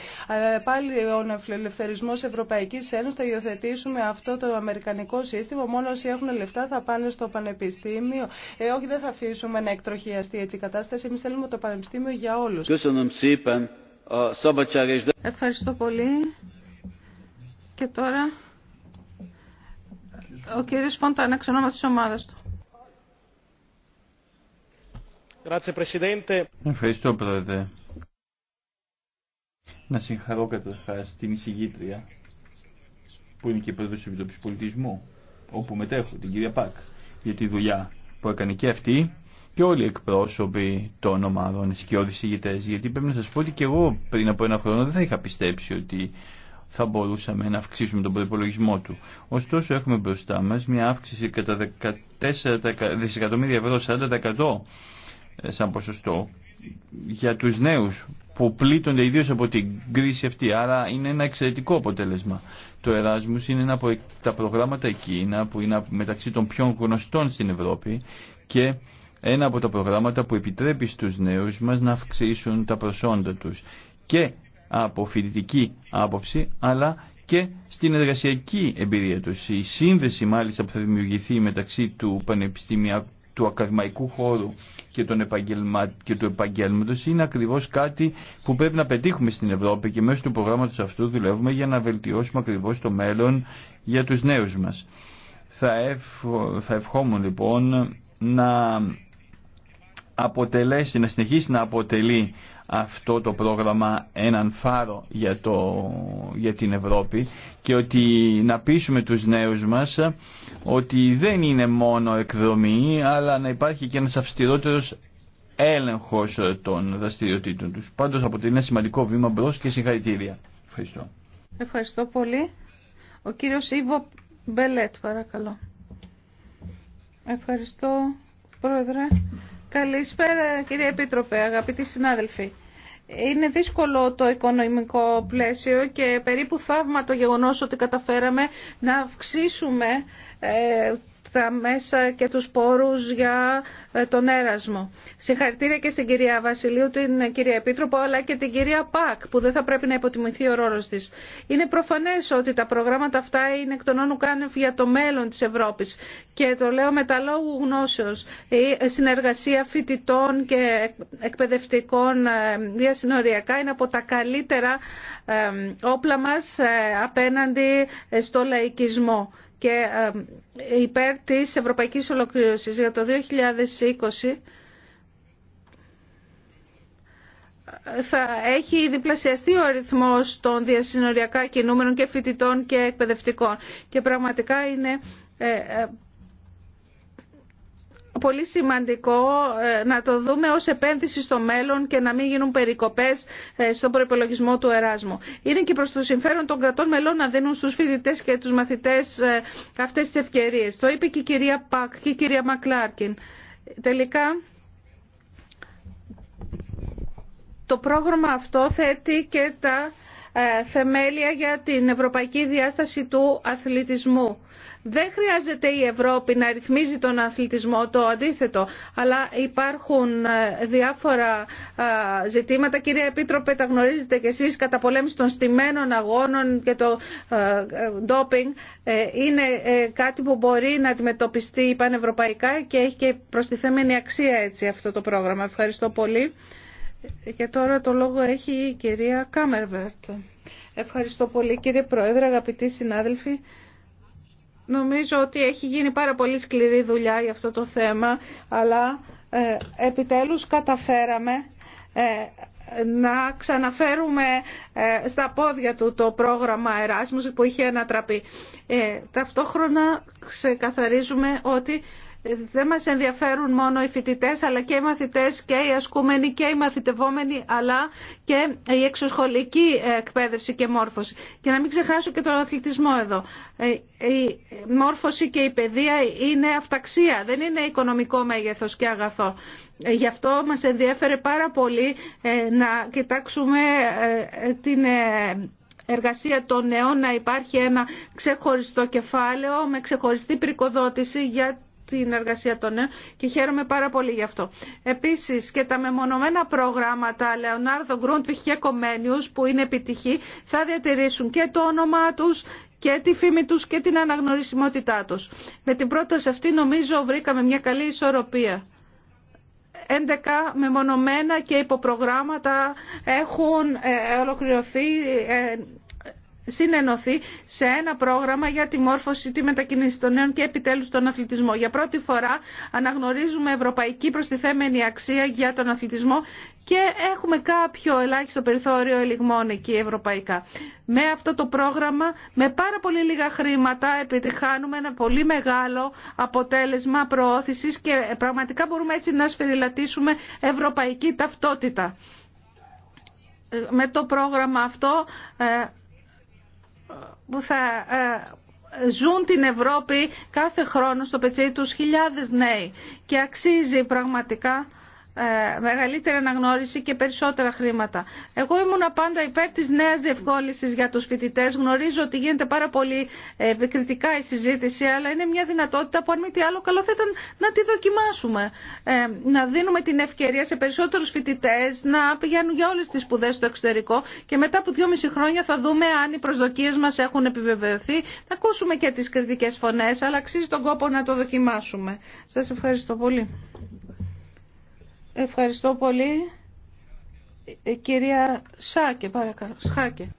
Πάλι ο νεοφιλελευθερισμό Ευρωπαϊκή Ένωση θα υιοθετήσουμε αυτό το αμερικανικό σύστημα. Μόνο όσοι έχουν λεφτά θα πάνε στο πανεπιστήμιο. Ε, όχι, δεν θα αφήσουμε να εκτροχιαστεί έτσι η κατάσταση. Εμεί θέλουμε το πανεπιστήμιο για όλου. Ευχαριστώ πολύ. Και τώρα ο κύριο Φοντάνα, εξ τη ομάδα του. Ευχαριστώ, Πρόεδρε. Να συγχαρώ καταρχά την εισηγήτρια που είναι και πρόεδρο του Επιτροπή Πολιτισμού, όπου μετέχω, την κυρία Πακ, για τη δουλειά που έκανε και αυτή και όλοι οι εκπρόσωποι των ομάδων, οι ηγητές, γιατί πρέπει να σα πω ότι και εγώ πριν από ένα χρόνο δεν θα είχα πιστέψει ότι θα μπορούσαμε να αυξήσουμε τον προπολογισμό του. Ωστόσο έχουμε μπροστά μας μια αύξηση κατά 14 δισεκατομμύρια ευρώ, 40% ε, σαν ποσοστό για τους νέους που πλήττονται ιδίω από την κρίση αυτή. Άρα είναι ένα εξαιρετικό αποτέλεσμα. Το Εράσμους είναι ένα από τα προγράμματα εκείνα που είναι μεταξύ των πιο γνωστών στην Ευρώπη και ένα από τα προγράμματα που επιτρέπει στους νέους μας να αυξήσουν τα προσόντα τους και από φοιτητική άποψη αλλά και στην εργασιακή εμπειρία τους. Η σύνδεση μάλιστα που θα δημιουργηθεί μεταξύ του πανεπιστημιακού του ακαδημαϊκού χώρου και, επαγγελμα... και του επαγγελματό είναι ακριβώς κάτι που πρέπει να πετύχουμε στην Ευρώπη και μέσω του προγράμματο αυτού δουλεύουμε για να βελτιώσουμε ακριβώς το μέλλον για τους νέους μας. Θα, θα ευχόμουν λοιπόν να αποτελέσει, να συνεχίσει να αποτελεί αυτό το πρόγραμμα έναν φάρο για, το, για την Ευρώπη και ότι να πείσουμε τους νέους μας ότι δεν είναι μόνο εκδρομή αλλά να υπάρχει και ένας αυστηρότερος έλεγχος των δραστηριοτήτων τους. Πάντως αποτελεί ένα σημαντικό βήμα μπρο και συγχαρητήρια. Ευχαριστώ. Ευχαριστώ πολύ. Ο κύριος Ιβο Μπελέτ παρακαλώ. Ευχαριστώ πρόεδρε. Καλησπέρα κύριε Επίτροπε, αγαπητοί συνάδελφοι. Είναι δύσκολο το οικονομικό πλαίσιο και περίπου θαύμα το γεγονός ότι καταφέραμε να αυξήσουμε ε, τα μέσα και τους πόρους για ε, τον έρασμο. Συγχαρητήρια και στην κυρία Βασιλείου, την κυρία Επίτροπο, αλλά και την κυρία Πακ, που δεν θα πρέπει να υποτιμηθεί ο ρόλος της. Είναι προφανές ότι τα προγράμματα αυτά είναι εκ των όνου για το μέλλον της Ευρώπης. Και το λέω με τα λόγου γνώσεως. Η συνεργασία φοιτητών και εκπαιδευτικών ε, διασυνοριακά είναι από τα καλύτερα ε, όπλα μας απέναντι στο λαϊκισμό και ε, υπέρ της ευρωπαϊκής ολοκλήρωσης για το 2020 θα έχει διπλασιαστεί ο αριθμός των διασυνοριακά κινούμενων και φοιτητών και εκπαιδευτικών και πραγματικά είναι ε, ε, πολύ σημαντικό ε, να το δούμε ως επένδυση στο μέλλον και να μην γίνουν περικοπές ε, στον προπολογισμό του Εράσμου. Είναι και προς το συμφέρον των κρατών μελών να δίνουν στους φοιτητές και τους μαθητές ε, αυτές τις ευκαιρίες. Το είπε και η κυρία Πακ και η κυρία Μακλάρκιν. Τελικά... Το πρόγραμμα αυτό θέτει και τα θεμέλια για την ευρωπαϊκή διάσταση του αθλητισμού. Δεν χρειάζεται η Ευρώπη να ρυθμίζει τον αθλητισμό, το αντίθετο. Αλλά υπάρχουν ε, διάφορα ε, ζητήματα. Κυρία Επίτροπε, τα γνωρίζετε κι εσείς, κατά πολέμηση των στιμένων αγώνων και το ε, ντόπινγκ είναι κάτι που μπορεί να αντιμετωπιστεί πανευρωπαϊκά και έχει και προστιθέμενη αξία έτσι αυτό το πρόγραμμα. Ευχαριστώ πολύ. Και τώρα το λόγο έχει η κυρία Κάμερβερτ. Ευχαριστώ πολύ κύριε Πρόεδρε, αγαπητοί συνάδελφοι. Νομίζω ότι έχει γίνει πάρα πολύ σκληρή δουλειά για αυτό το θέμα, αλλά ε, επιτέλους καταφέραμε ε, να ξαναφέρουμε ε, στα πόδια του το πρόγραμμα Εράσμους που είχε ανατραπεί. Ε, ταυτόχρονα ξεκαθαρίζουμε ότι δεν μας ενδιαφέρουν μόνο οι φοιτητές αλλά και οι μαθητές και οι ασκούμενοι και οι μαθητευόμενοι αλλά και η εξωσχολική εκπαίδευση και μόρφωση. Και να μην ξεχάσω και τον αθλητισμό εδώ. Ε, η μόρφωση και η παιδεία είναι αυταξία, δεν είναι οικονομικό μέγεθος και αγαθό. Ε, γι' αυτό μας ενδιαφέρει πάρα πολύ ε, να κοιτάξουμε την εργασία των νέων να υπάρχει ένα ξεχωριστό κεφάλαιο με ξεχωριστή πρικοδότηση για την εργασία των νέων και χαίρομαι πάρα πολύ γι' αυτό. Επίσης και τα μεμονωμένα προγράμματα Λεωνάρδο Γκρούντβιχ και Κομένιους που είναι επιτυχή θα διατηρήσουν και το όνομά τους και τη φήμη τους και την αναγνωρισιμότητά τους. Με την πρόταση αυτή νομίζω βρήκαμε μια καλή ισορροπία. 11 μεμονωμένα και υποπρογράμματα έχουν ε, ολοκληρωθεί ε, συνενωθεί σε ένα πρόγραμμα για τη μόρφωση, τη μετακίνηση των νέων και επιτέλους τον αθλητισμό. Για πρώτη φορά αναγνωρίζουμε ευρωπαϊκή προστιθέμενη αξία για τον αθλητισμό και έχουμε κάποιο ελάχιστο περιθώριο ελιγμών εκεί ευρωπαϊκά. Με αυτό το πρόγραμμα, με πάρα πολύ λίγα χρήματα, επιτυχάνουμε ένα πολύ μεγάλο αποτέλεσμα προώθησης και πραγματικά μπορούμε έτσι να σφυριλατήσουμε ευρωπαϊκή ταυτότητα. Ε, με το πρόγραμμα αυτό ε, που θα ε, ζουν την Ευρώπη κάθε χρόνο στο πετσί τους χιλιάδες νέοι και αξίζει πραγματικά ε, μεγαλύτερη αναγνώριση και περισσότερα χρήματα. Εγώ ήμουν πάντα υπέρ της νέας διευκόλυνσης για τους φοιτητές. Γνωρίζω ότι γίνεται πάρα πολύ επικριτικά η συζήτηση, αλλά είναι μια δυνατότητα που αν μη τι άλλο καλό θα ήταν να τη δοκιμάσουμε. Ε, να δίνουμε την ευκαιρία σε περισσότερους φοιτητές να πηγαίνουν για όλες τις σπουδέ στο εξωτερικό και μετά από δυόμιση χρόνια θα δούμε αν οι προσδοκίες μας έχουν επιβεβαιωθεί. Θα ακούσουμε και τις κριτικές φωνές, αλλά αξίζει τον κόπο να το δοκιμάσουμε. Σας ευχαριστώ πολύ. Ευχαριστώ πολύ. Ε, κυρία Σάκε, παρακαλώ. Σχάκε.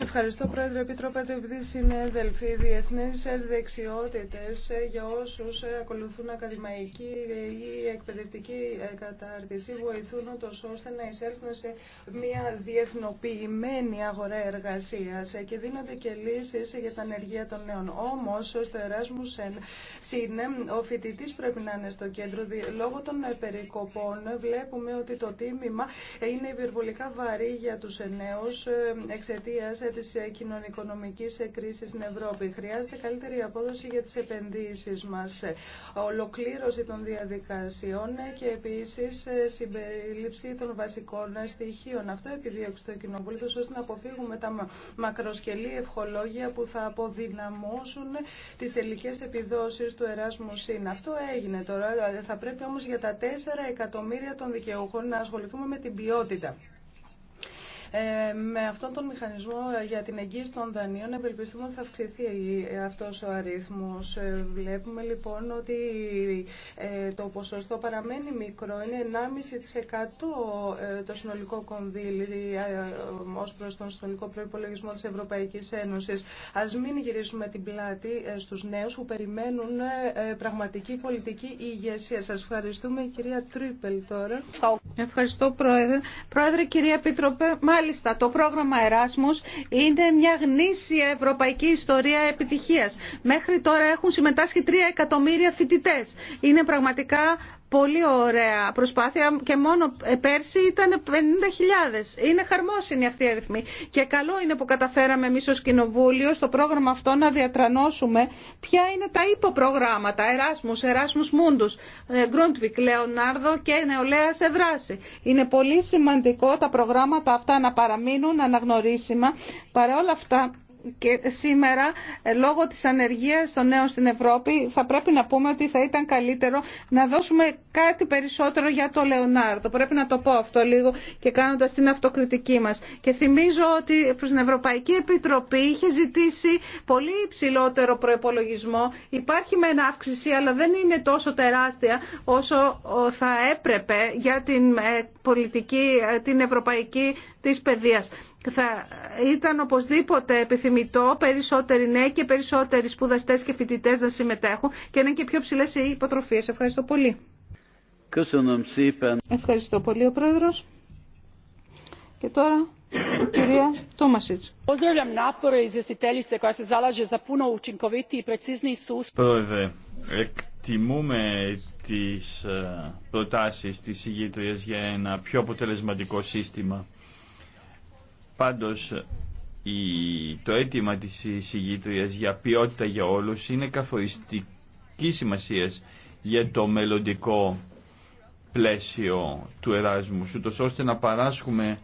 Ευχαριστώ, Πρόεδρε, Επίτροπε, επειδή συνέδελφοι, οι διεθνεί δεξιότητε για όσου ακολουθούν ακαδημαϊκή ή εκπαιδευτική κατάρτιση βοηθούν ούτω ώστε να εισέλθουν σε μια διεθνοποιημένη αγορά εργασία και δίνονται και λύσει για τα ανεργία των νέων. Όμω, στο Erasmus Σύνε ο φοιτητή πρέπει να είναι στο κέντρο. Λόγω των περικοπών, βλέπουμε ότι το τίμημα είναι υπερβολικά βαρύ για του νέου ε, εξαιτία ε, τη ε, κοινωνικονομική κρίση στην Ευρώπη. Χρειάζεται καλύτερη απόδοση για τι επενδύσει μα. ολοκλήρωση των διαδικασιών και επίση συμπερίληψη των βασικών στοιχείων. Αυτό επιδίωξε το Κοινοβούλιο, ώστε να αποφύγουμε τα μακροσκελή ευχολόγια που θα αποδυναμώσουν τι τελικέ επιδόσει του Εράσμου ΣΥΝ. Αυτό έγινε τώρα. Θα πρέπει όμω για τα 4 εκατομμύρια των δικαιούχων να ασχοληθούμε με την ποιότητα. Ε, με αυτόν τον μηχανισμό ε, για την εγγύηση των δανείων ευελπιστούμε ότι θα αυξηθεί ε, αυτός ο αριθμός. Βλέπουμε λοιπόν ότι το ποσοστό παραμένει μικρό, είναι 1,5% το συνολικό κονδύλι ως προς τον συνολικό προϋπολογισμό της Ευρωπαϊκής Ένωσης. Ας μην γυρίσουμε την πλάτη στους νέους που περιμένουν πραγματική πολιτική ηγεσία. Σας ευχαριστούμε κυρία Τρίπελ τώρα. Ευχαριστώ Πρόεδρε. Πρόεδρε κυρία επίτροπε, Μάλιστα, το πρόγραμμα Εράσμους είναι μια γνήσια ευρωπαϊκή ιστορία επιτυχίας. Μέχρι τώρα έχουν συμμετάσχει 3 εκατομμύρια φοιτητές. Είναι πραγματικά Πολύ ωραία προσπάθεια και μόνο πέρσι ήταν 50.000. Είναι χαρμόσυνη αυτή η αριθμή. Και καλό είναι που καταφέραμε εμεί ω Κοινοβούλιο στο πρόγραμμα αυτό να διατρανώσουμε ποια είναι τα υποπρογράμματα. Εράσμου, Εράσμου Μούντου, ε, Γκρούντβικ, Λεωνάρδο και Νεολαία σε δράση. Είναι πολύ σημαντικό τα προγράμματα αυτά να παραμείνουν αναγνωρίσιμα. Παρ' όλα αυτά και σήμερα ε, λόγω της ανεργίας των νέων στην Ευρώπη θα πρέπει να πούμε ότι θα ήταν καλύτερο να δώσουμε κάτι περισσότερο για το Λεωνάρδο. Πρέπει να το πω αυτό λίγο και κάνοντας την αυτοκριτική μας. Και θυμίζω ότι προς την Ευρωπαϊκή Επιτροπή είχε ζητήσει πολύ υψηλότερο προεπολογισμό. Υπάρχει με ένα αύξηση αλλά δεν είναι τόσο τεράστια όσο θα έπρεπε για την ε, πολιτική, ε, την ευρωπαϊκή της παιδείας θα ήταν οπωσδήποτε επιθυμητό περισσότεροι νέοι και περισσότεροι σπουδαστέ και φοιτητέ να συμμετέχουν και να είναι και πιο ψηλέ οι υποτροφίε. Ευχαριστώ πολύ. Ευχαριστώ πολύ ο πρόεδρο. Και τώρα η κυρία Τόμασιτ. Πρόεδρε, εκτιμούμε τι ε, προτάσει τη ηγήτρια για ένα πιο αποτελεσματικό σύστημα Πάντως η, το αίτημα της για ποιότητα για όλους είναι καθοριστική σημασία για το μελλοντικό πλαίσιο του Εράσμου, ούτω ώστε να παράσχουμε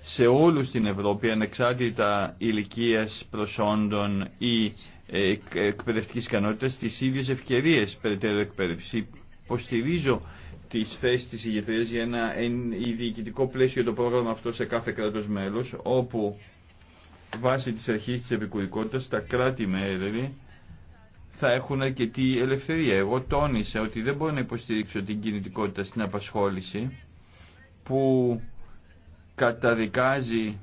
σε όλους την Ευρώπη ανεξάρτητα ηλικία, προσόντων ή ε, εκπαιδευτικής ικανότητας τις ίδιες ευκαιρίες περαιτέρω εκπαίδευση τις θέση τη ηγεσία, για ένα διοικητικό πλαίσιο το πρόγραμμα αυτό σε κάθε κράτος μέλο, όπου βάσει της αρχής της επικουρικότητα τα κράτη-μέλη θα έχουν αρκετή ελευθερία. Εγώ τόνισα ότι δεν μπορώ να υποστηρίξω την κινητικότητα στην απασχόληση που καταδικάζει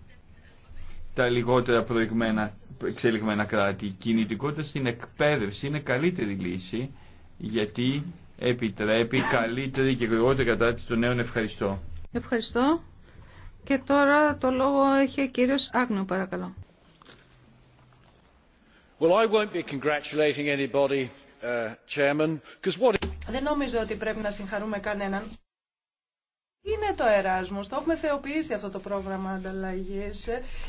τα λιγότερα προηγμένα, εξελιγμένα κράτη. Η κινητικότητα στην εκπαίδευση είναι καλύτερη λύση γιατί επιτρέπει καλύτερη και γρηγότερη κατάρτιση των νέων. Ευχαριστώ. Ευχαριστώ. Και τώρα το λόγο έχει ο κύριος Άγνου, παρακαλώ. Well, I won't be congratulating anybody, uh, chairman, what... Δεν νομίζω ότι πρέπει να συγχαρούμε κανέναν είναι το Εράσμος, το έχουμε θεοποιήσει αυτό το πρόγραμμα ανταλλαγή.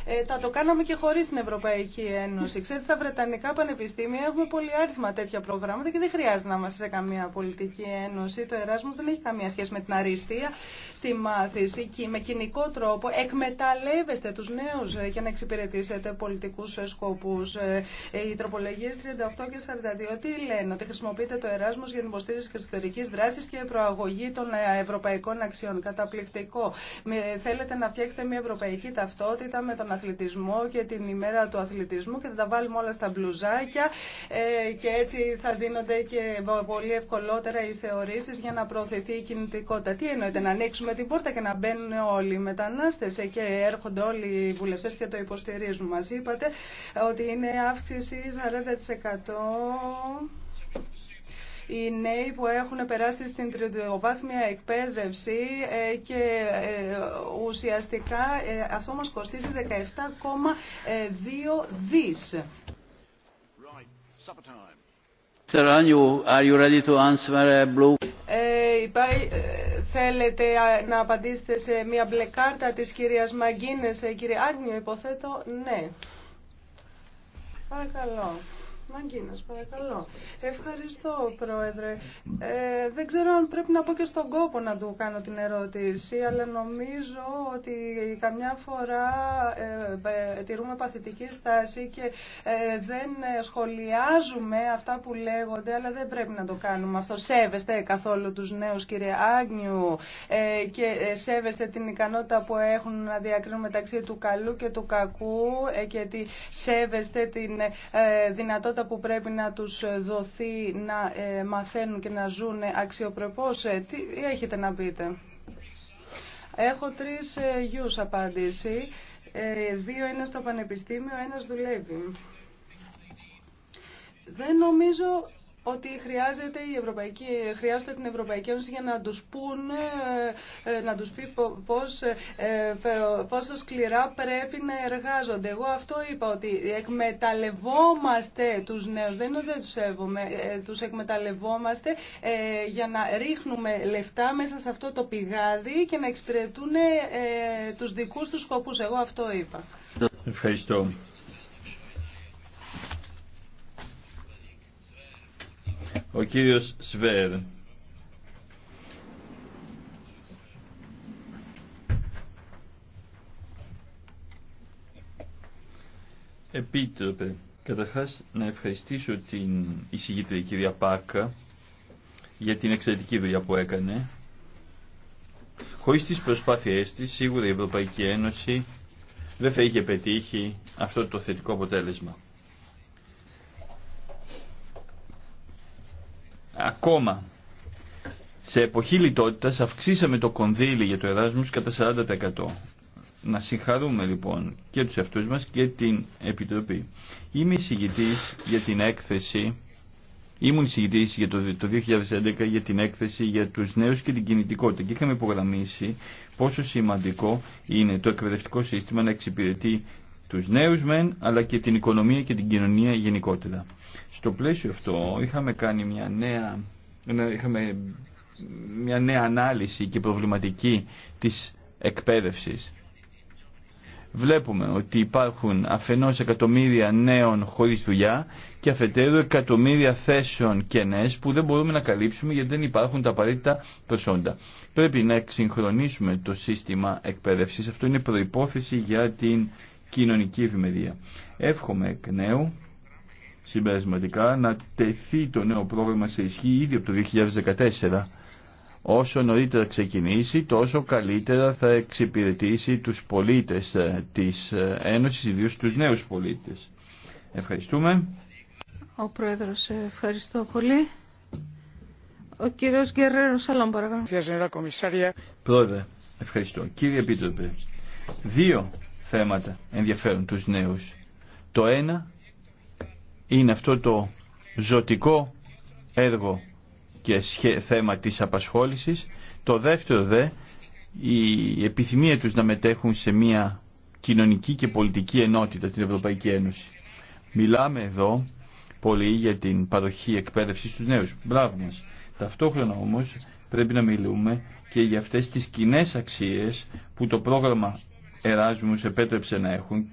Ε, θα το κάναμε και χωρί την Ευρωπαϊκή Ένωση. Ξέρετε, στα Βρετανικά πανεπιστήμια έχουμε πολύ άριθμα τέτοια προγράμματα και δεν χρειάζεται να είμαστε σε καμία πολιτική ένωση. Το Εράσμο δεν έχει καμία σχέση με την αριστεία στη μάθηση και με κοινικό τρόπο εκμεταλλεύεστε του νέου ε, για να εξυπηρετήσετε πολιτικού ε, σκοπού. Ε, οι τροπολογίε 38 και 42 τι λένε, ότι χρησιμοποιείτε το Εράσμο για την υποστήριξη εξωτερική δράση και προαγωγή των ευρωπαϊκών αξιών καταπληκτικό. θέλετε να φτιάξετε μια ευρωπαϊκή ταυτότητα με τον αθλητισμό και την ημέρα του αθλητισμού και θα τα βάλουμε όλα στα μπλουζάκια ε, και έτσι θα δίνονται και πολύ ευκολότερα οι θεωρήσει για να προωθηθεί η κινητικότητα. Τι εννοείται, να ανοίξουμε την πόρτα και να μπαίνουν όλοι οι μετανάστε και έρχονται όλοι οι βουλευτέ και το υποστηρίζουν. Μα είπατε ότι είναι αύξηση 40% οι νέοι που έχουν περάσει στην τριτοβάθμια εκπαίδευση ε, και ε, ουσιαστικά ε, αυτό μας κοστίζει 17,2 δις. θέλετε να απαντήσετε σε μια μπλε κάρτα της κυρίας Μαγκίνες, κύριε Άγνιο, υποθέτω, ναι. Παρακαλώ παρακαλώ. Ευχαριστώ, Πρόεδρε. Ε, δεν ξέρω αν πρέπει να πω και στον κόπο να του κάνω την ερώτηση, αλλά νομίζω ότι καμιά φορά ε, ε τηρούμε παθητική στάση και ε, δεν σχολιάζουμε αυτά που λέγονται, αλλά δεν πρέπει να το κάνουμε αυτό. Σέβεστε καθόλου τους νέους, κύριε Άγνιου, και σέβεστε την ικανότητα που έχουν να διακρίνουν μεταξύ του καλού και του κακού και τη, σέβεστε την δυνατότητα που πρέπει να τους δοθεί να ε, μαθαίνουν και να ζουν αξιοπρεπώς. Ε, τι έχετε να πείτε. Έχω τρεις ε, γιους απάντηση. Δύο είναι στο πανεπιστήμιο, ένας δουλεύει. Δεν νομίζω ότι χρειάζεται η Ευρωπαϊκή, χρειάζεται την Ευρωπαϊκή Ένωση για να τους πούν, ε, ε, να τους πει πώς, ε, πόσο σκληρά πρέπει να εργάζονται. Εγώ αυτό είπα ότι εκμεταλλευόμαστε τους νέους, δεν είναι ότι δεν τους σέβομαι, τους εκμεταλλευόμαστε για να ρίχνουμε λεφτά μέσα σε αυτό το πηγάδι και να εξυπηρετούν τους δικούς τους σκοπούς. Εγώ αυτό είπα. Ευχαριστώ. Ο κύριος Σβέρ. Επίτροπε, καταρχάς να ευχαριστήσω την εισηγήτρια κυρία Πάκα για την εξαιρετική δουλειά που έκανε. Χωρίς τις προσπάθειές της, σίγουρα η Ευρωπαϊκή Ένωση δεν θα είχε πετύχει αυτό το θετικό αποτέλεσμα. Ακόμα, σε εποχή λιτότητας αυξήσαμε το κονδύλι για το Εράσμους κατά 40%. Να συγχαρούμε λοιπόν και τους εαυτούς μας και την Επιτροπή. Είμαι εισηγητής για την έκθεση, ήμουν εισηγητής για το, το 2011 για την έκθεση για τους νέους και την κινητικότητα και είχαμε υπογραμμίσει πόσο σημαντικό είναι το εκπαιδευτικό σύστημα να εξυπηρετεί τους νέους μεν αλλά και την οικονομία και την κοινωνία γενικότερα. Στο πλαίσιο αυτό είχαμε κάνει μια νέα, είχαμε μια νέα ανάλυση και προβληματική της εκπαίδευσης. Βλέπουμε ότι υπάρχουν αφενός εκατομμύρια νέων χωρίς δουλειά και αφετέρου εκατομμύρια θέσεων κενές που δεν μπορούμε να καλύψουμε γιατί δεν υπάρχουν τα απαραίτητα προσόντα. Πρέπει να εξυγχρονίσουμε το σύστημα εκπαίδευσης. Αυτό είναι προϋπόθεση για την κοινωνική ευημερία. Εύχομαι εκ νέου συμπερασματικά να τεθεί το νέο πρόγραμμα σε ισχύ ήδη από το 2014. Όσο νωρίτερα ξεκινήσει, τόσο καλύτερα θα εξυπηρετήσει τους πολίτες ε, της ε, Ένωσης, ιδίως τους νέους πολίτες. Ευχαριστούμε. Ο Πρόεδρος, ε, ευχαριστώ πολύ. Ο κύριος Γκερέρο Σαλόν, παρακαλώ. Πρόεδρε, ευχαριστώ. Κύριε Επίτροπε, δύο θέματα ενδιαφέρουν τους νέους. Το ένα είναι αυτό το ζωτικό έργο και θέμα της απασχόλησης. Το δεύτερο δε, η επιθυμία τους να μετέχουν σε μια κοινωνική και πολιτική ενότητα την Ευρωπαϊκή Ένωση. Μιλάμε εδώ πολύ για την παροχή εκπαίδευσης στους νέους. Μπράβο μας. Ταυτόχρονα όμως πρέπει να μιλούμε και για αυτές τις κοινέ αξίες που το πρόγραμμα Εράσμους επέτρεψε να έχουν.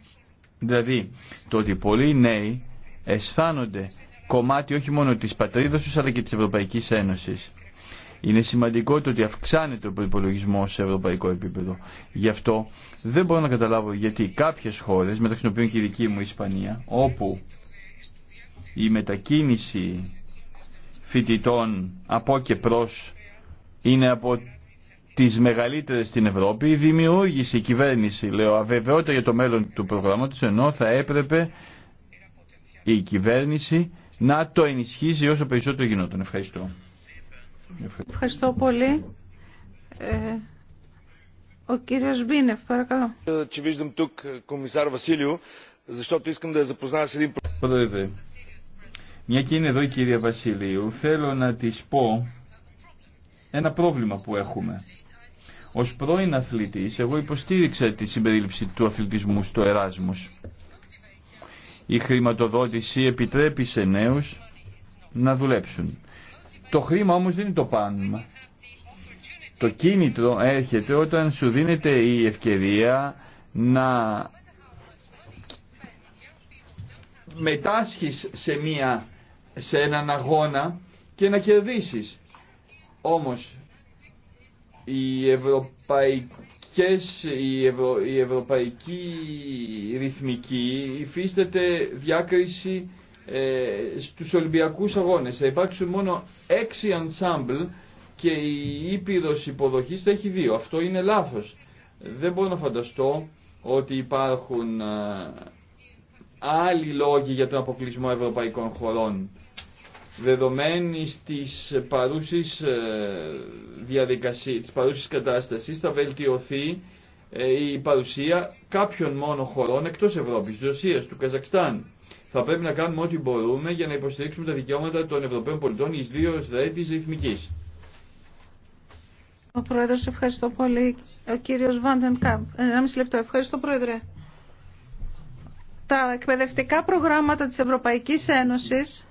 Δηλαδή το ότι πολλοί νέοι αισθάνονται κομμάτι όχι μόνο της πατρίδας τους αλλά και της Ευρωπαϊκής Ένωσης. Είναι σημαντικό το ότι αυξάνεται ο προπολογισμό σε ευρωπαϊκό επίπεδο. Γι' αυτό δεν μπορώ να καταλάβω γιατί κάποιε χώρε, μεταξύ των οποίων και η δική μου η Ισπανία, όπου η μετακίνηση φοιτητών από και προ είναι από τις μεγαλύτερε στην Ευρώπη, δημιούργησε η κυβέρνηση, λέω, αβεβαιότητα για το μέλλον του προγράμματο ενώ θα έπρεπε η κυβέρνηση να το ενισχύσει όσο περισσότερο γινόταν. Ευχαριστώ. Ευχαριστώ πολύ. Ε, ο κύριος Μπίνευ, παρακαλώ. Πρόεδρε, μια και είναι εδώ η κυρία Βασιλείου, θέλω να της πω ένα πρόβλημα που έχουμε. Ως πρώην αθλητής, εγώ υποστήριξα τη συμπερίληψη του αθλητισμού στο Εράσμος. Η χρηματοδότηση επιτρέπει σε νέους να δουλέψουν. Το χρήμα όμως δεν είναι το πάνημα. Το κίνητρο έρχεται όταν σου δίνεται η ευκαιρία να μετάσχεις σε, μία, σε έναν αγώνα και να κερδίσεις. Όμως η ευρωπαϊκή και η, ευρωπαϊκή ρυθμική υφίσταται διάκριση ε, στους Ολυμπιακούς Αγώνες. Θα υπάρξουν μόνο έξι ensemble και η ήπειρος υποδοχής θα έχει δύο. Αυτό είναι λάθος. Δεν μπορώ να φανταστώ ότι υπάρχουν ε, άλλοι λόγοι για τον αποκλεισμό ευρωπαϊκών χωρών δεδομένης ε, της παρούσης, διαδικασίας, της παρούσης κατάστασης θα βελτιωθεί ε, η παρουσία κάποιων μόνο χωρών εκτός Ευρώπης, της Ρωσίας, του Καζακστάν. Θα πρέπει να κάνουμε ό,τι μπορούμε για να υποστηρίξουμε τα δικαιώματα των Ευρωπαίων πολιτών εις δύο ΔΕ της ρυθμικής. Ο Πρόεδρος, ευχαριστώ πολύ. Ο κύριος Βάντεν Καμπ. Ένα μισή λεπτό. Πρόεδρε. Τα εκπαιδευτικά προγράμματα της Ευρωπαϊκής Ένωσης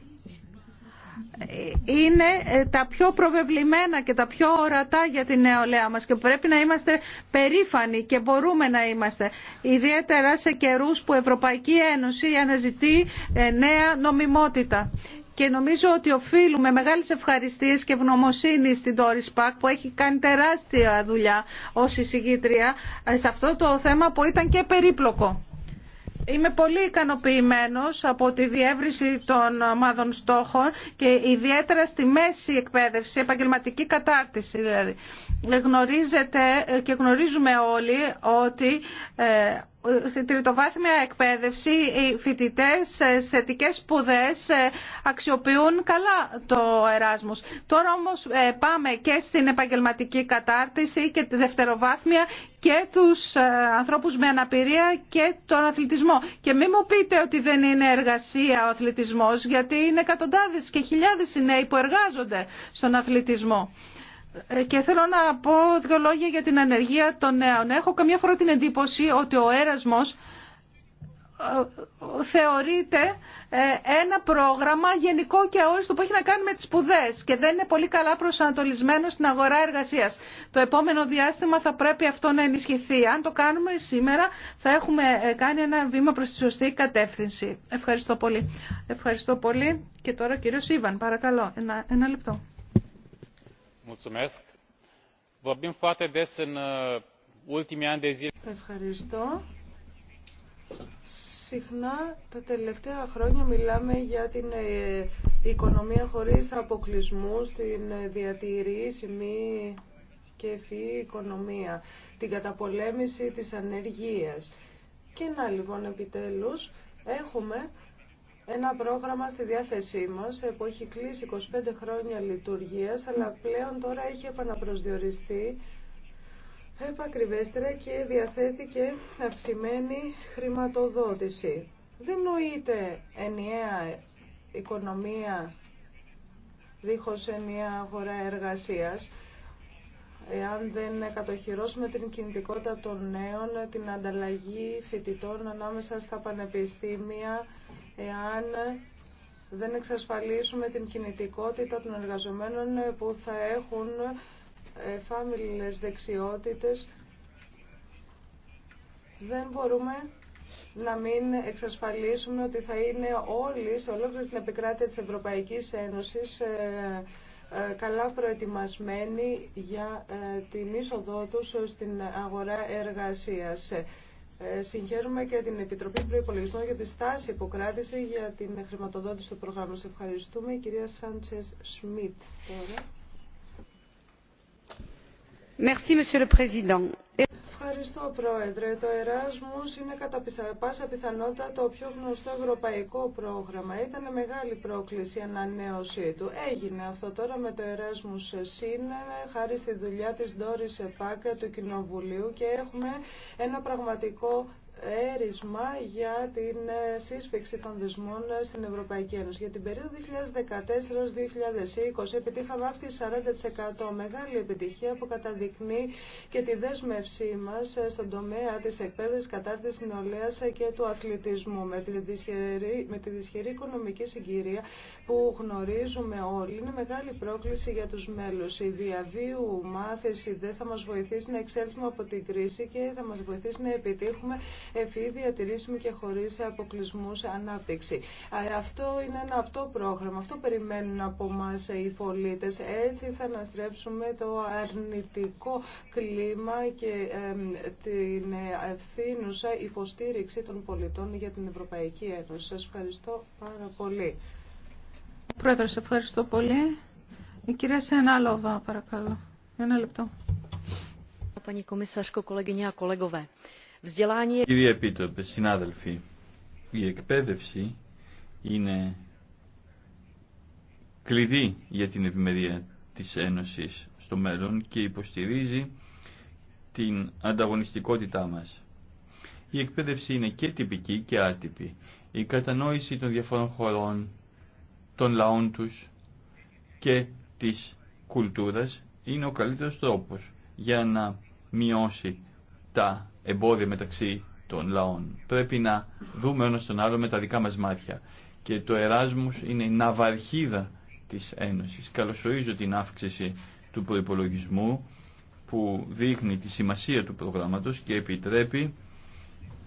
είναι ε, τα πιο προβεβλημένα και τα πιο ορατά για την νεολαία μας και πρέπει να είμαστε περήφανοι και μπορούμε να είμαστε ιδιαίτερα σε καιρούς που η Ευρωπαϊκή Ένωση αναζητεί ε, νέα νομιμότητα και νομίζω ότι οφείλουμε μεγάλες ευχαριστίες και ευγνωμοσύνη στην Doris Πακ που έχει κάνει τεράστια δουλειά ως εισηγήτρια ε, σε αυτό το θέμα που ήταν και περίπλοκο. Είμαι πολύ ικανοποιημένος από τη διεύρυνση των ομάδων στόχων και ιδιαίτερα στη μέση εκπαίδευση, επαγγελματική κατάρτιση δηλαδή. Γνωρίζετε και γνωρίζουμε όλοι ότι ε, στην τριτοβάθμια εκπαίδευση οι φοιτητές σε θετικές σπουδές ε, αξιοποιούν καλά το Εράσμο. Τώρα όμως ε, πάμε και στην επαγγελματική κατάρτιση και τη δευτεροβάθμια και τους ε, ανθρώπους με αναπηρία και τον αθλητισμό. Και μην μου πείτε ότι δεν είναι εργασία ο αθλητισμός γιατί είναι εκατοντάδες και χιλιάδες οι νέοι που εργάζονται στον αθλητισμό. Και θέλω να πω δύο λόγια για την ανεργία των νέων. Έχω καμιά φορά την εντύπωση ότι ο έρασμος ε, θεωρείται ε, ένα πρόγραμμα γενικό και αόριστο που έχει να κάνει με τις σπουδέ και δεν είναι πολύ καλά προσανατολισμένο στην αγορά εργασίας. Το επόμενο διάστημα θα πρέπει αυτό να ενισχυθεί. Αν το κάνουμε σήμερα θα έχουμε ε, κάνει ένα βήμα προς τη σωστή κατεύθυνση. Ευχαριστώ πολύ. Ευχαριστώ πολύ. Και τώρα κύριο Σίβαν, παρακαλώ. ένα λεπτό vorbim uh, Ευχαριστώ. Συχνά τα τελευταία χρόνια μιλάμε για την ε, οικονομία χωρίς αποκλεισμού, την ε, διατηρήσιμη και ευφυή οικονομία, την καταπολέμηση της ανεργίας. Και να λοιπόν επιτέλους έχουμε ένα πρόγραμμα στη διάθεσή μας ε, που έχει κλείσει 25 χρόνια λειτουργίας αλλά πλέον τώρα έχει επαναπροσδιοριστεί επακριβέστερα και διαθέτει και αυξημένη χρηματοδότηση. Δεν νοείται ενιαία οικονομία δίχως ενιαία αγορά εργασίας εάν δεν κατοχυρώσουμε την κινητικότητα των νέων, την ανταλλαγή φοιτητών ανάμεσα στα πανεπιστήμια, εάν δεν εξασφαλίσουμε την κινητικότητα των εργαζομένων που θα έχουν φάμιλες δεξιότητες, δεν μπορούμε να μην εξασφαλίσουμε ότι θα είναι όλοι σε ολόκληρη την επικράτεια της Ευρωπαϊκής Ένωσης ε, καλά προετοιμασμένοι για ε, την είσοδό τους στην αγορά εργασίας. Ε, συγχαίρουμε και την Επιτροπή Προπολογισμών για τη στάση που για την χρηματοδότηση του προγράμματος. Ευχαριστούμε. Η κυρία Σάντσες Σμιτ τώρα. Merci, Ευχαριστώ, Πρόεδρε. Το Εράσμος είναι κατά πάσα πιθανότητα το πιο γνωστό ευρωπαϊκό πρόγραμμα. Ήταν μεγάλη πρόκληση η ανανέωσή του. Έγινε αυτό τώρα με το Εράσμος ΣΥΝ, χάρη στη δουλειά της Ντόρις Πάκα του Κοινοβουλίου και έχουμε ένα πραγματικό έρισμα για την ε, σύσφυξη των δεσμών ε, στην Ευρωπαϊκή Ένωση. Για την περίοδο 2014-2020 επιτύχαμε αύξηση 40%. Μεγάλη επιτυχία που καταδεικνύει και τη δέσμευσή μας ε, στον τομέα της εκπαίδευσης, κατάρτισης νεολαίας και του αθλητισμού. Με τη δυσχερή, με τη δυσχερή οικονομική συγκυρία που γνωρίζουμε όλοι είναι μεγάλη πρόκληση για τους μέλους. Η διαβίου μάθηση δεν θα μας βοηθήσει να εξέλθουμε από την κρίση και θα μας βοηθήσει να επιτύχουμε ευφύ διατηρήσιμη και χωρίς αποκλεισμούς ανάπτυξη. Αυτό είναι ένα απτό πρόγραμμα. Αυτό περιμένουν από εμά οι πολίτες. Έτσι θα αναστρέψουμε το αρνητικό κλίμα και την ευθύνουσα υποστήριξη των πολιτών για την Ευρωπαϊκή Ένωση. Σας ευχαριστώ πάρα πολύ. Πρόεδρος, ευχαριστώ πολύ. Η κυρία Σενάλοβα, παρακαλώ. Ένα λεπτό. Κύριε Επίτροπε, συνάδελφοι, η εκπαίδευση είναι κλειδί για την ευημερία της Ένωσης στο μέλλον και υποστηρίζει την ανταγωνιστικότητά μας. Η εκπαίδευση είναι και τυπική και άτυπη. Η κατανόηση των διαφορών χωρών των λαών τους και της κουλτούρας είναι ο καλύτερος τρόπος για να μειώσει τα εμπόδια μεταξύ των λαών. Πρέπει να δούμε ένα τον άλλο με τα δικά μας μάτια. Και το Εράσμους είναι η ναυαρχίδα της Ένωσης. Καλωσορίζω την αύξηση του προϋπολογισμού που δείχνει τη σημασία του προγράμματος και επιτρέπει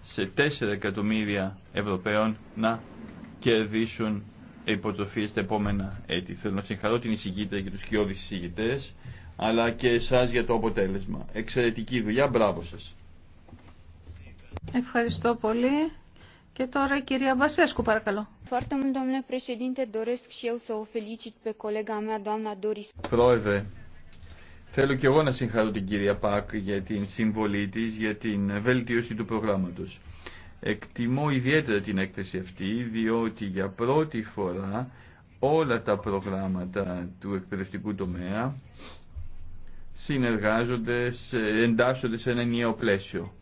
σε 4 εκατομμύρια Ευρωπαίων να κερδίσουν υποτροφίες τα επόμενα έτη. Θέλω να συγχαρώ την εισηγήτρια και τους κοιόδης εισηγητές, αλλά και εσάς για το αποτέλεσμα. Εξαιρετική δουλειά, μπράβο σας. Ευχαριστώ πολύ. Και τώρα η κυρία Μπασέσκου, παρακαλώ. Πρόεδρε, θέλω και εγώ να συγχαρώ την κυρία Πακ για την συμβολή της, για την βελτίωση του προγράμματος. Εκτιμώ ιδιαίτερα την έκθεση αυτή, διότι για πρώτη φορά όλα τα προγράμματα του εκπαιδευτικού τομέα συνεργάζονται, εντάσσονται σε ένα νέο πλαίσιο.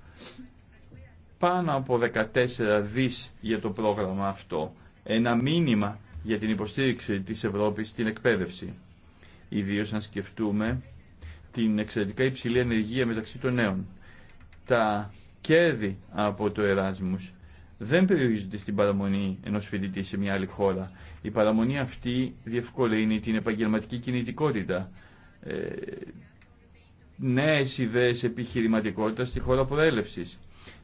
Πάνω από 14 δις για το πρόγραμμα αυτό. Ένα μήνυμα για την υποστήριξη της Ευρώπης στην εκπαίδευση. Ιδίως να σκεφτούμε την εξαιρετικά υψηλή ενεργία μεταξύ των νέων. Τα κέρδη από το Εράσμους δεν περιορίζονται στην παραμονή ενός φοιτητή σε μια άλλη χώρα. Η παραμονή αυτή διευκολύνει την επαγγελματική κινητικότητα, ε, νέες ιδέες επιχειρηματικότητας στη χώρα προέλευση.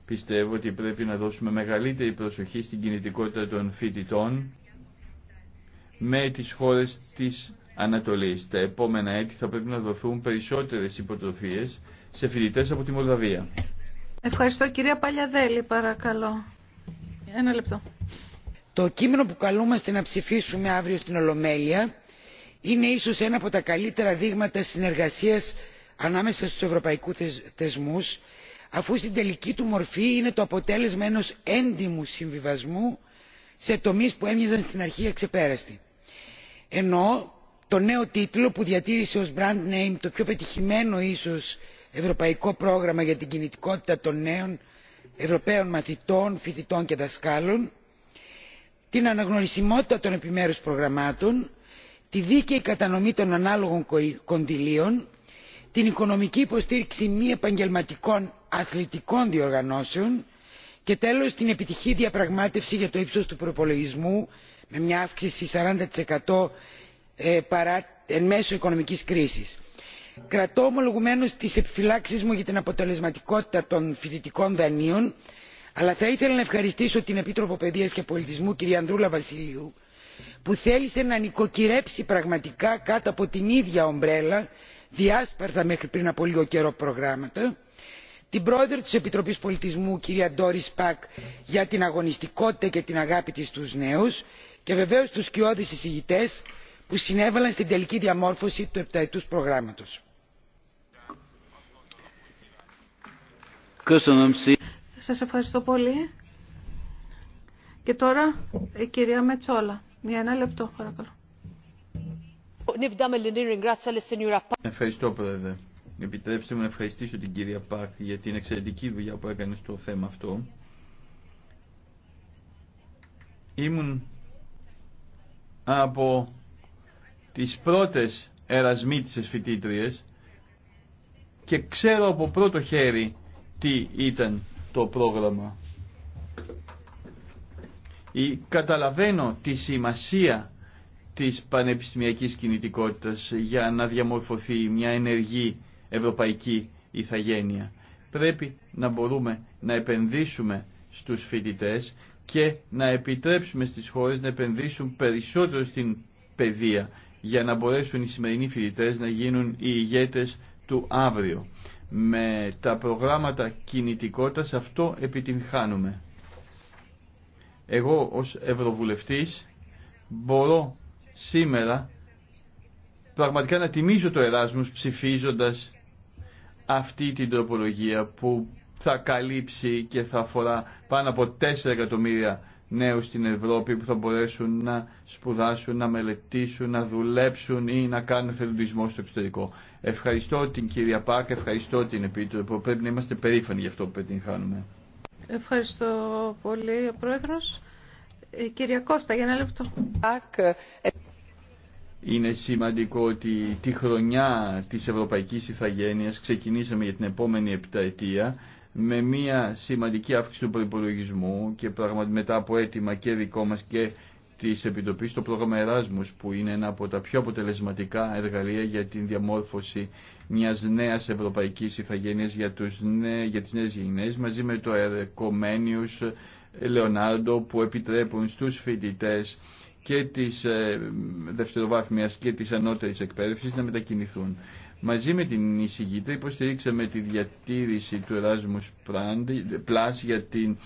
Πιστεύω ότι πρέπει να δώσουμε μεγαλύτερη προσοχή στην κινητικότητα των φοιτητών με τις χώρες της Ανατολής. Τα επόμενα έτη θα πρέπει να δοθούν περισσότερες υποτροφίε σε φοιτητέ από τη Μολδαβία. Ευχαριστώ κυρία Παλιαδέλη παρακαλώ. Ένα λεπτό. Το κείμενο που καλούμαστε να ψηφίσουμε αύριο στην Ολομέλεια είναι ίσως ένα από τα καλύτερα δείγματα συνεργασίας ανάμεσα στους ευρωπαϊκούς θεσμούς αφού στην τελική του μορφή είναι το αποτέλεσμα ενός έντιμου συμβιβασμού σε τομείς που έμοιαζαν στην αρχή εξεπέραστη. Ενώ το νέο τίτλο που διατήρησε ως brand name το πιο πετυχημένο ίσως ευρωπαϊκό πρόγραμμα για την κινητικότητα των νέων ευρωπαίων μαθητών φοιτητών και δασκάλων την αναγνωρισιμότητα των επιμέρους προγραμμάτων τη δίκαιη κατανομή των ανάλογων κονδυλίων την οικονομική υποστήριξη μη επαγγελματικών αθλητικών διοργανώσεων και τέλος την επιτυχή διαπραγμάτευση για το ύψος του προπολογισμού με μια αύξηση 40% ε, παρά εν μέσω οικονομικής κρίσης κρατώ ομολογουμένως τις επιφυλάξεις μου για την αποτελεσματικότητα των φοιτητικών δανείων αλλά θα ήθελα να ευχαριστήσω την επίτροπο παιδείας και πολιτισμού κυρία ανδρούλα βασιλείου που θέλησε να νοικοκυρέψει πραγματικά κάτω από την ίδια ομπρέλα διάσπαρτα μέχρι πριν από λίγο καιρό προγράμματα την πρόεδρο της επιτροπής πολιτισμού κυρία Ντόρις Πάκ, για την αγωνιστικότητα και την αγάπη της στους νέους και βεβαίως τους σκιώδεις εισηγητές που συνέβαλαν στην τελική διαμόρφωση του επταετούς προγράμματος. Σας ευχαριστώ πολύ. Και τώρα η κυρία Μετσόλα. Μια ένα λεπτό παρακαλώ. Ευχαριστώ πρόεδρε. Επιτρέψτε μου να ευχαριστήσω την κυρία Πακ για την εξαιρετική δουλειά που έκανε στο θέμα αυτό. Ήμουν από τις πρώτες ερασμίτισες φοιτήτριε και ξέρω από πρώτο χέρι τι ήταν το πρόγραμμα. Ή καταλαβαίνω τη σημασία της πανεπιστημιακής κινητικότητας για να διαμορφωθεί μια ενεργή ευρωπαϊκή ηθαγένεια. Πρέπει να μπορούμε να επενδύσουμε στους φοιτητές και να επιτρέψουμε στις χώρες να επενδύσουν περισσότερο στην παιδεία για να μπορέσουν οι σημερινοί φοιτητέ να γίνουν οι ηγέτες του αύριο. Με τα προγράμματα κινητικότητας αυτό επιτυγχάνουμε. Εγώ ως Ευρωβουλευτής μπορώ σήμερα πραγματικά να τιμήσω το Εράσμους ψηφίζοντας αυτή την τροπολογία που θα καλύψει και θα αφορά πάνω από 4 εκατομμύρια νέους στην Ευρώπη που θα μπορέσουν να σπουδάσουν, να μελετήσουν, να δουλέψουν ή να κάνουν θελοντισμό στο εξωτερικό. Ευχαριστώ την κυρία Πάκ, ευχαριστώ την Επίτροπο. Πρέπει να είμαστε περήφανοι για αυτό που πετύχανουμε. Ευχαριστώ πολύ, ο Πρόεδρος. Η ε, κυρία Κώστα, γι' αυτο που πετυγχάνουμε. ευχαριστω λεπτό. κυρια ε, κωστα σημαντικό ότι τη χρονιά της Ευρωπαϊκής Ιθαγένειας ξεκινήσαμε για την επόμενη επταετία με μια σημαντική αύξηση του προπολογισμού και πραγματικά μετά από αίτημα και δικό μας και της Επιτροπής το πρόγραμμα Εράσμους που είναι ένα από τα πιο αποτελεσματικά εργαλεία για την διαμόρφωση μιας νέας ευρωπαϊκής ηθαγένειας για, τους νέ, για τις νέες γενιές μαζί με το Ερκομένιους Λεωνάρντο που επιτρέπουν στους φοιτητές και της ε, δευτεροβάθμιας και της ανώτερης εκπαίδευσης να μετακινηθούν. Μαζί με την εισηγήτρια υποστηρίξαμε τη διατήρηση του Erasmus Plus για την,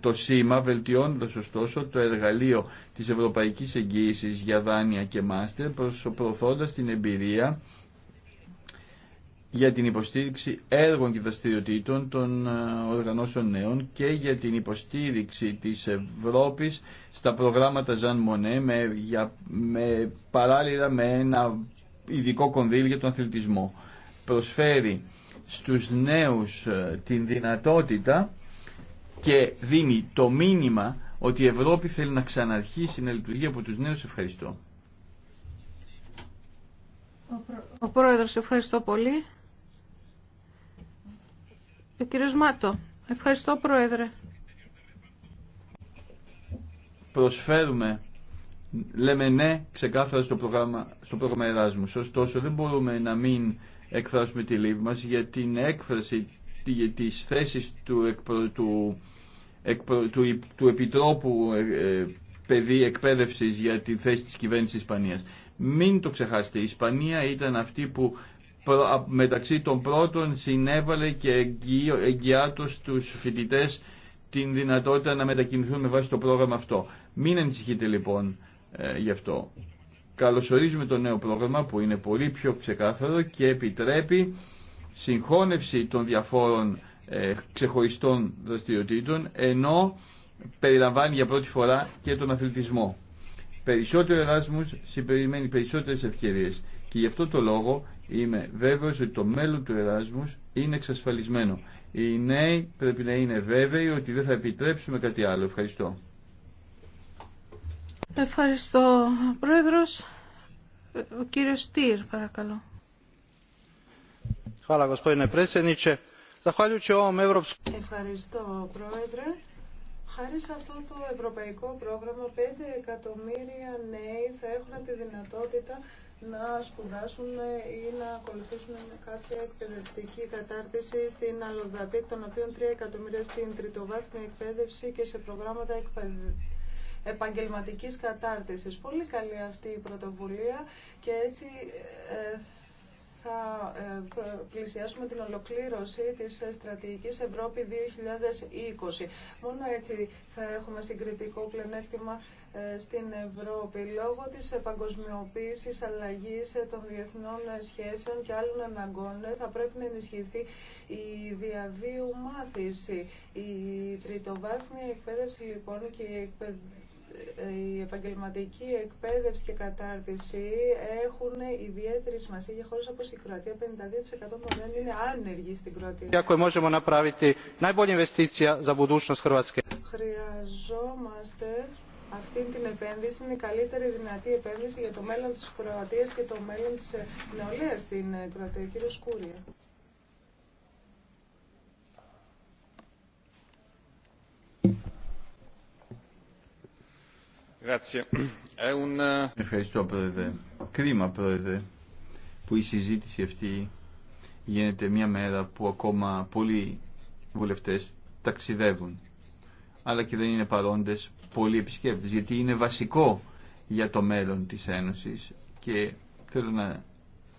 το, σήμα, βελτιώντας ωστόσο το εργαλείο της Ευρωπαϊκής Εγγύησης για δάνεια και μάστερ, προσωπροθώντας την εμπειρία για την υποστήριξη έργων και δραστηριοτήτων των ε, οργανώσεων νέων και για την υποστήριξη της Ευρώπης στα προγράμματα Ζαν Μονέ με, παράλληλα με ένα ειδικό κονδύλι για τον αθλητισμό. Προσφέρει στους νέους ε, την δυνατότητα και δίνει το μήνυμα ότι η Ευρώπη θέλει να ξαναρχίσει να λειτουργεί από τους νέους. Ευχαριστώ. Ο Πρόεδρος, ευχαριστώ πολύ. Ο κύριος Μάτο, ευχαριστώ Πρόεδρε. Προσφέρουμε λέμε ναι ξεκάθαρα στο πρόγραμμα, εράσμου. πρόγραμμα Ωστόσο δεν μπορούμε να μην εκφράσουμε τη λύπη μας για την έκφραση της θέσης του, του, του, του Επιτρόπου ε, ε, Παιδί Εκπαίδευσης για τη θέση της κυβέρνησης Ισπανίας. Μην το ξεχάσετε, η Ισπανία ήταν αυτή που μεταξύ των πρώτων συνέβαλε και εγγυάτως τους φοιτητές την δυνατότητα να μετακινηθούν με βάση το πρόγραμμα αυτό. Μην ανησυχείτε λοιπόν. Ε, γι' αυτό. Καλωσορίζουμε το νέο πρόγραμμα που είναι πολύ πιο ξεκάθαρο και επιτρέπει συγχώνευση των διαφόρων ε, ξεχωριστών δραστηριοτήτων ενώ περιλαμβάνει για πρώτη φορά και τον αθλητισμό. Περισσότερο Εράσμους συμπεριμένει περισσότερες ευκαιρίες και γι' αυτό το λόγο είμαι βέβαιος ότι το μέλλον του Εράσμους είναι εξασφαλισμένο. Οι νέοι πρέπει να είναι βέβαιοι ότι δεν θα επιτρέψουμε κάτι άλλο. Ευχαριστώ. Ευχαριστώ, Πρόεδρος. Ο κύριος Στήρ, παρακαλώ. Ευχαριστώ, Πρόεδρε. Χάρη σε αυτό το ευρωπαϊκό πρόγραμμα, 5 εκατομμύρια νέοι θα έχουν τη δυνατότητα να σπουδάσουν ή να ακολουθήσουν κάποια εκπαιδευτική κατάρτιση στην Αλοδαπή, των οποίων 3 εκατομμύρια στην τριτοβάθμια εκπαίδευση και σε προγράμματα επαγγελματικής κατάρτισης. Πολύ καλή αυτή η πρωτοβουλία και έτσι ε, θα ε, πλησιάσουμε την ολοκλήρωση της ε, στρατηγικής Ευρώπη 2020. Μόνο έτσι θα έχουμε συγκριτικό πλενέκτημα στην Ευρώπη λόγω της παγκοσμιοποίησης, αλλαγής των διεθνών σχέσεων και άλλων αναγκών θα πρέπει να ενισχυθεί η διαβίου μάθηση. Η τριτοβάθμια εκπαίδευση λοιπόν και η εκπαιδευση η επαγγελματική εκπαίδευση και κατάρτιση έχουν ιδιαίτερη σημασία για χώρες όπως η Κροατία. 52% των νέων είναι άνεργοι στην Κροατία. Χρειαζόμαστε αυτή την επένδυση είναι η καλύτερη δυνατή επένδυση για το μέλλον της Κροατίας και το μέλλον της νεολαίας στην Κροατία. Κύριε Σκούρια. Ευχαριστώ πρόεδρε. Κρίμα πρόεδρε που η συζήτηση αυτή γίνεται μια μέρα που ακόμα πολλοί βουλευτές ταξιδεύουν αλλά και δεν είναι παρόντες πολλοί επισκέπτες γιατί είναι βασικό για το μέλλον της Ένωσης και θέλω να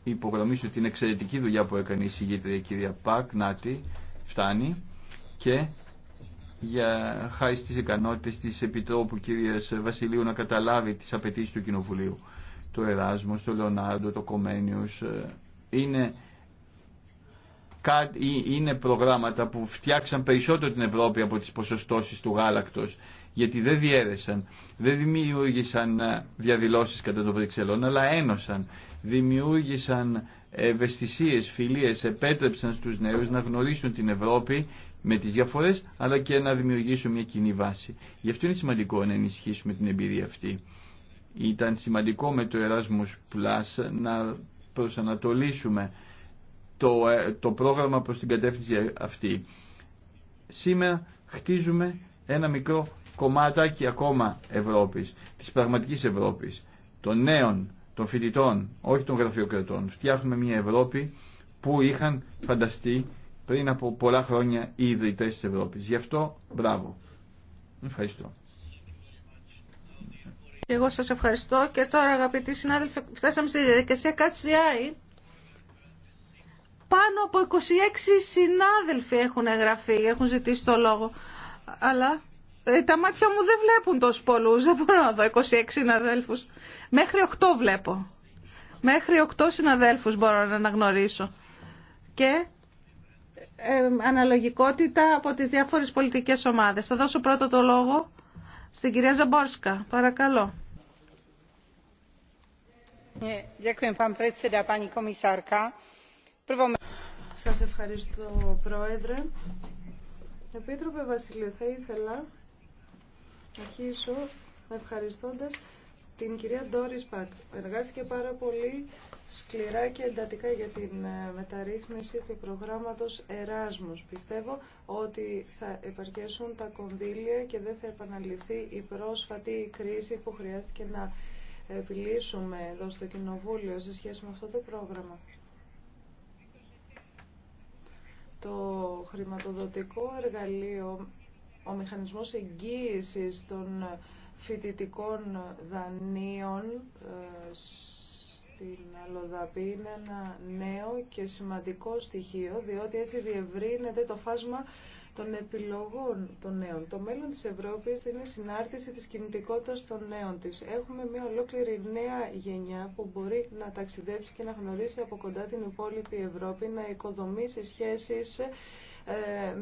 υπογραμμίσω την εξαιρετική δουλειά που έκανε η συγκεκριμένη κυρία Πακ, φτάνει και για χάρη στις ικανότητες της Επιτρόπου κυρίας Βασιλείου να καταλάβει τις απαιτήσει του Κοινοβουλίου. Το Εράσμος, το Λεωνάρντο, το Κομένιους ε, είναι, είναι προγράμματα που φτιάξαν περισσότερο την Ευρώπη από τις ποσοστώσεις του γάλακτος γιατί δεν διέρεσαν, δεν δημιούργησαν ε, διαδηλώσεις κατά των Βρυξελών, αλλά ένωσαν, δημιούργησαν ευαισθησίες, φιλίες, επέτρεψαν στους νέους να γνωρίσουν την Ευρώπη με τις διαφορές αλλά και να δημιουργήσουμε μια κοινή βάση. Γι' αυτό είναι σημαντικό να ενισχύσουμε την εμπειρία αυτή. Ήταν σημαντικό με το Erasmus Plus να προσανατολίσουμε το, ε, το πρόγραμμα προς την κατεύθυνση αυτή. Σήμερα χτίζουμε ένα μικρό κομμάτακι ακόμα Ευρώπης, της πραγματικής Ευρώπης, των νέων, των φοιτητών, όχι των γραφειοκρατών. Φτιάχνουμε μια Ευρώπη που είχαν φανταστεί πριν από πολλά χρόνια οι ιδρυτές της Ευρώπης. Γι' αυτό μπράβο. Ευχαριστώ. Εγώ σας ευχαριστώ και τώρα αγαπητοί συνάδελφοι φτάσαμε στη διαδικασία ΚΑΤΣΙΑΗ. Πάνω από 26 συνάδελφοι έχουν εγγραφεί, έχουν ζητήσει το λόγο. Αλλά ε, τα μάτια μου δεν βλέπουν τόσο πολλούς, δεν μπορώ να δω 26 συναδέλφους. Μέχρι 8 βλέπω. Μέχρι 8 συναδέλφους μπορώ να αναγνωρίσω. Και αναλογικότητα από τις διάφορες πολιτικές ομάδες. Θα δώσω πρώτο το λόγο στην κυρία Ζαμπόρσκα. Παρακαλώ. Σας ευχαριστώ, Πρόεδρε. Επίτροπε Βασιλείου, θα ήθελα να αρχίσω ευχαριστώντας την κυρία Ντόρι Πακ. Εργάστηκε πάρα πολύ σκληρά και εντατικά για την ε, μεταρρύθμιση του προγράμματος Εράσμους. Πιστεύω ότι θα επαρκέσουν τα κονδύλια και δεν θα επαναληφθεί η πρόσφατη κρίση που χρειάστηκε να επιλύσουμε εδώ στο Κοινοβούλιο σε σχέση με αυτό το πρόγραμμα. Το χρηματοδοτικό εργαλείο, ο μηχανισμός εγγύησης των φοιτητικών δανείων ε, στην Αλοδαπή είναι ένα νέο και σημαντικό στοιχείο, διότι έτσι διευρύνεται το φάσμα των επιλογών των νέων. Το μέλλον της Ευρώπης είναι συνάρτηση της κινητικότητας των νέων της. Έχουμε μια ολόκληρη νέα γενιά που μπορεί να ταξιδέψει και να γνωρίσει από κοντά την υπόλοιπη Ευρώπη, να οικοδομήσει σχέσεις ε,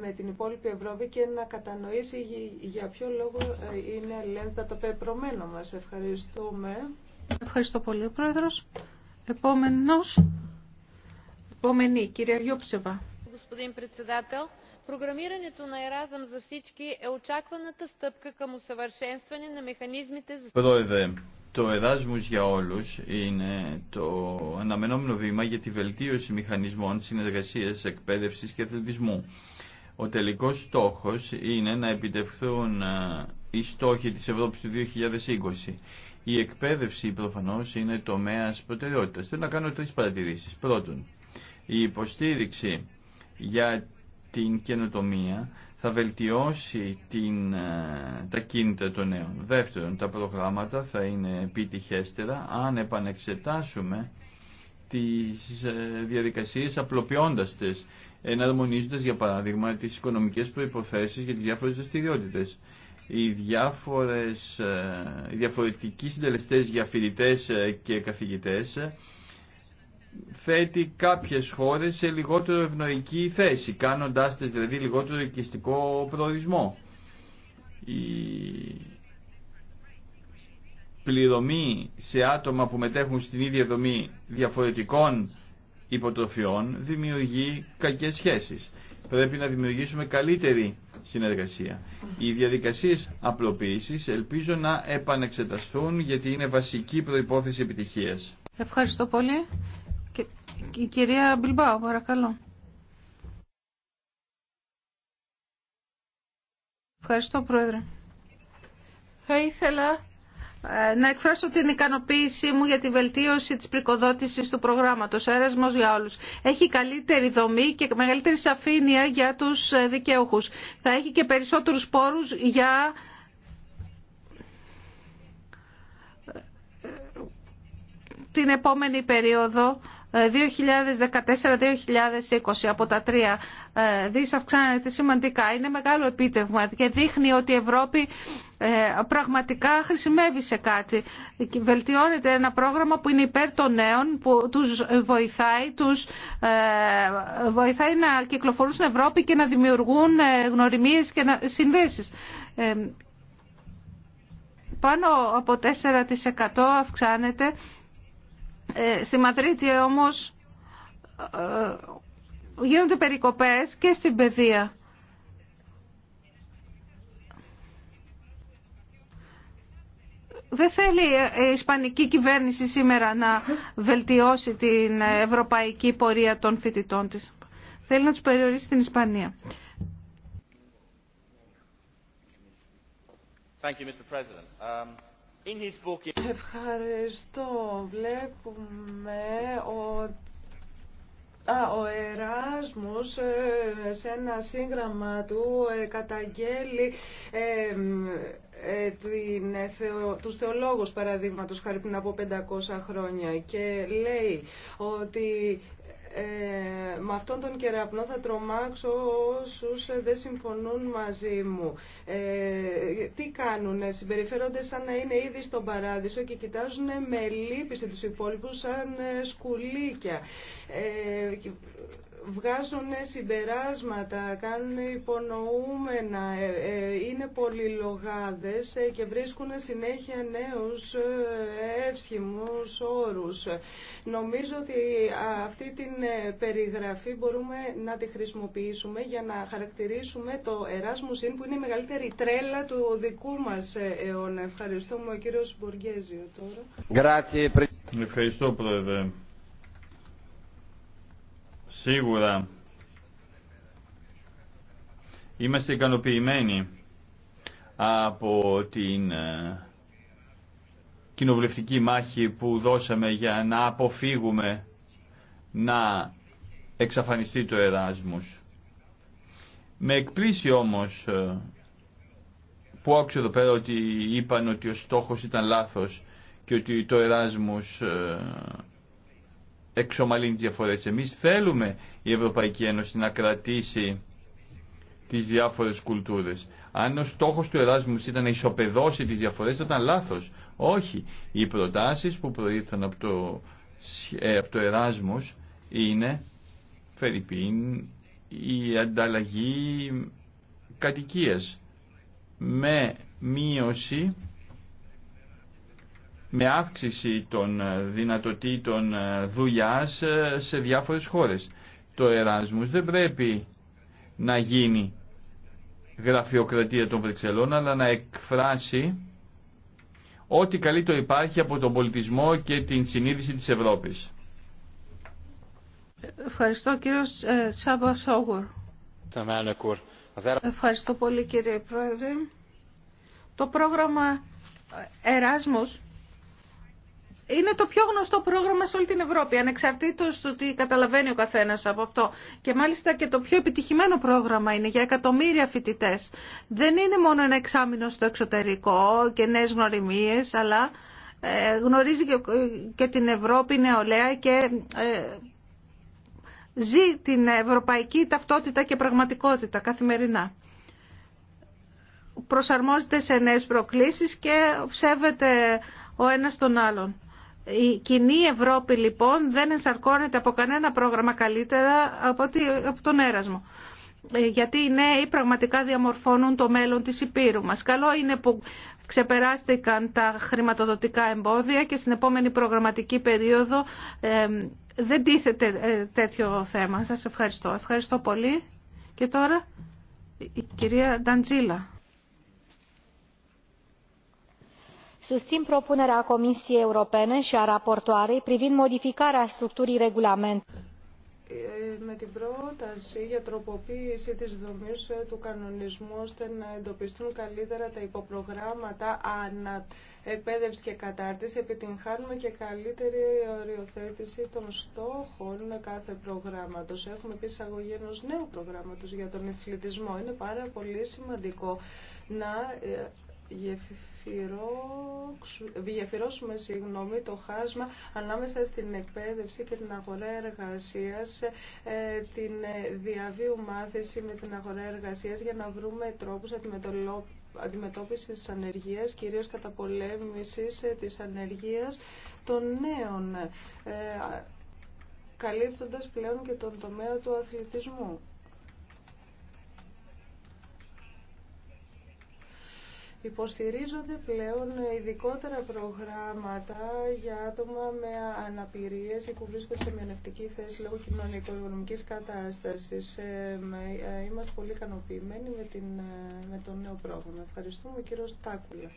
με την υπόλοιπη Ευρώπη και να κατανοήσει για ποιο λόγο ε, είναι λένθα το πεπρωμένο μας. Ευχαριστούμε. Ευχαριστώ πολύ, Πρόεδρος. Επόμενος, επόμενη, κυρία Γιώψεβα. Господин председател, програмирането на Еразъм за всички е очакваната стъпка към усъвършенстване на механизмите за... Подойде το Εδάσμους για όλους είναι το αναμενόμενο βήμα για τη βελτίωση μηχανισμών συνεργασίας, εκπαίδευσης και αθλητισμού. Ο τελικός στόχος είναι να επιτευχθούν ε, οι στόχοι της Ευρώπης του 2020. Η εκπαίδευση προφανώς είναι τομέας προτεραιότητας. Θέλω να κάνω τρεις παρατηρήσεις. Πρώτον, η υποστήριξη για την καινοτομία θα βελτιώσει την, ε, τα κίνητρα των νέων. Δεύτερον, τα προγράμματα θα είναι επιτυχέστερα αν επανεξετάσουμε τις ε, διαδικασίες απλοποιώντας τις, εναρμονίζοντας για παράδειγμα τις οικονομικές προϋποθέσεις για τις διάφορες δραστηριότητε. Οι, διάφορες, ε, οι διαφορετικοί συντελεστές για φοιτητέ και καθηγητές θέτει κάποιες χώρες σε λιγότερο ευνοϊκή θέση, κάνοντάς τις δηλαδή λιγότερο οικιστικό προορισμό. Η πληρωμή σε άτομα που μετέχουν στην ίδια δομή διαφορετικών υποτροφιών δημιουργεί κακές σχέσεις. Πρέπει να δημιουργήσουμε καλύτερη συνεργασία. Οι διαδικασίες απλοποίησης ελπίζω να επανεξεταστούν γιατί είναι βασική προϋπόθεση επιτυχίας. Ευχαριστώ πολύ η κυρία Μπιλμπάου, παρακαλώ. Ευχαριστώ, Πρόεδρε. Θα ήθελα ε, να εκφράσω την ικανοποίησή μου για τη βελτίωση της πρικοδότησης του προγράμματος «Έρασμος για όλους». Έχει καλύτερη δομή και μεγαλύτερη σαφήνεια για τους ε, δικαιούχους. Θα έχει και περισσότερους πόρους για ε, την επόμενη περίοδο 2014-2020 ε, από τα τρία ε, δις αυξάνεται σημαντικά. Είναι μεγάλο επίτευγμα και δείχνει ότι η Ευρώπη ε, πραγματικά χρησιμεύει σε κάτι. Βελτιώνεται ένα πρόγραμμα που είναι υπέρ των νέων, που τους βοηθάει, τους βοηθάει να κυκλοφορούν στην Ευρώπη και να δημιουργούν γνωριμίες και να, συνδέσεις. πάνω από 4% αυξάνεται ε, στη Μαδρίτη όμως ε, γίνονται περικοπές και στην παιδεία. Δεν θέλει ε, η Ισπανική κυβέρνηση σήμερα να βελτιώσει την ευρωπαϊκή πορεία των φοιτητών της. Θέλει να τους περιορίσει την Ισπανία. Thank um, Ευχαριστώ. Βλέπουμε ότι ο Εράσμος ε, σε ένα σύγγραμμα του ε, καταγγέλει ε, ε, την, ε, θεο, τους θεολόγους παραδείγματος χάρη πριν από 500 χρόνια και λέει ότι ε, με αυτόν τον κεραυνό θα τρομάξω όσους δεν συμφωνούν μαζί μου. Ε, τι κάνουν, συμπεριφέρονται σαν να είναι ήδη στον παράδεισο και κοιτάζουν με λύπηση τους υπόλοιπους σαν σκουλίκια. Ε, βγάζουν συμπεράσματα, κάνουν υπονοούμενα, ε, ε, είναι πολυλογάδες ε, και βρίσκουν συνέχεια νέους εύσχημους όρους. Νομίζω ότι αυτή την περιγραφή μπορούμε να τη χρησιμοποιήσουμε για να χαρακτηρίσουμε το Erasmus In που είναι η μεγαλύτερη τρέλα του δικού μας αιώνα. Ευχαριστούμε ο κύριος Μποργέζιο τώρα. Ευχαριστώ πρόεδρε. Σίγουρα είμαστε ικανοποιημένοι από την ε, κοινοβουλευτική μάχη που δώσαμε για να αποφύγουμε να εξαφανιστεί το Εράσμους. Με εκπλήσει όμως ε, που άκουσα εδώ πέρα ότι είπαν ότι ο στόχος ήταν λάθος και ότι το Εράσμους ε, εξομαλύνει διαφορές. Εμείς θέλουμε η Ευρωπαϊκή Ένωση να κρατήσει τις διάφορες κουλτούρες. Αν ο στόχος του Εράσμου ήταν να ισοπεδώσει τις διαφορές θα ήταν λάθος. Όχι. Οι προτάσεις που προήρθαν από το, ε, είναι Φερρυπίν η ανταλλαγή κατοικίας με μείωση με αύξηση των ε, δυνατοτήτων ε, δουλειά ε, σε διάφορες χώρες. Το Εράσμους δεν πρέπει να γίνει γραφειοκρατία των Βρυξελών, αλλά να εκφράσει ό,τι καλύτερο υπάρχει από τον πολιτισμό και την συνείδηση της Ευρώπης. Ευχαριστώ κύριος Τσάμπα Σόγουρ. Ευχαριστώ πολύ κύριε Πρόεδρε. Το πρόγραμμα Εράσμος είναι το πιο γνωστό πρόγραμμα σε όλη την Ευρώπη, ανεξαρτήτως του τι καταλαβαίνει ο καθένας από αυτό. Και μάλιστα και το πιο επιτυχημένο πρόγραμμα είναι για εκατομμύρια φοιτητέ. Δεν είναι μόνο ένα εξάμεινο στο εξωτερικό και νέε γνωριμίες, αλλά ε, γνωρίζει και την Ευρώπη νεολαία και ε, ζει την ευρωπαϊκή ταυτότητα και πραγματικότητα καθημερινά προσαρμόζεται σε νέες προκλήσεις και ψεύεται ο ένας τον άλλον. Η κοινή Ευρώπη λοιπόν δεν ενσαρκώνεται από κανένα πρόγραμμα καλύτερα από, από τον έρασμο ε, γιατί οι νέοι πραγματικά διαμορφώνουν το μέλλον της Υπήρου μας. Καλό είναι που ξεπεράστηκαν τα χρηματοδοτικά εμπόδια και στην επόμενη προγραμματική περίοδο ε, δεν τίθεται ε, τέτοιο θέμα. Σας ευχαριστώ. Ευχαριστώ πολύ. Και τώρα η κυρία Νταντζίλα. susțin propunerea comisiei europene și a raportoarei privind modificarea structurii regulamentului ε, με την πρόταση για τροποποίηση της δομής του κανονισμού ώστε να εντοπιστούν καλύτερα τα υποπρογράμματα ανα εκπαίδευση και κατάρτιση επιτυγχάνουμε και καλύτερη οριοθέτηση των στόχων κάθε προγράμματος. Έχουμε επίσης αγωγή ενός νέου προγράμματος για τον εθλητισμό. Είναι πάρα πολύ σημαντικό να ε, διαφυρώσουμε συγγνώμη, το χάσμα ανάμεσα στην εκπαίδευση και την αγορά εργασίας, ε, την ε, διαβίου μάθηση με την αγορά εργασίας για να βρούμε τρόπους αντιμετώπισης της ανεργίας, κυρίως καταπολέμησης ε, της ανεργίας των νέων, καλύπτοντας πλέον και τον τομέα του αθλητισμού. Υποστηρίζονται πλέον ειδικότερα προγράμματα για άτομα με αναπηρίες ή που βρίσκονται σε μειονεκτική θέση λόγω κοινωνικο-οικονομικής κατάστασης. Ε, ε, είμαστε πολύ ικανοποιημένοι με, την, ε, με το νέο πρόγραμμα. Ευχαριστούμε κύριο Στάκουλα.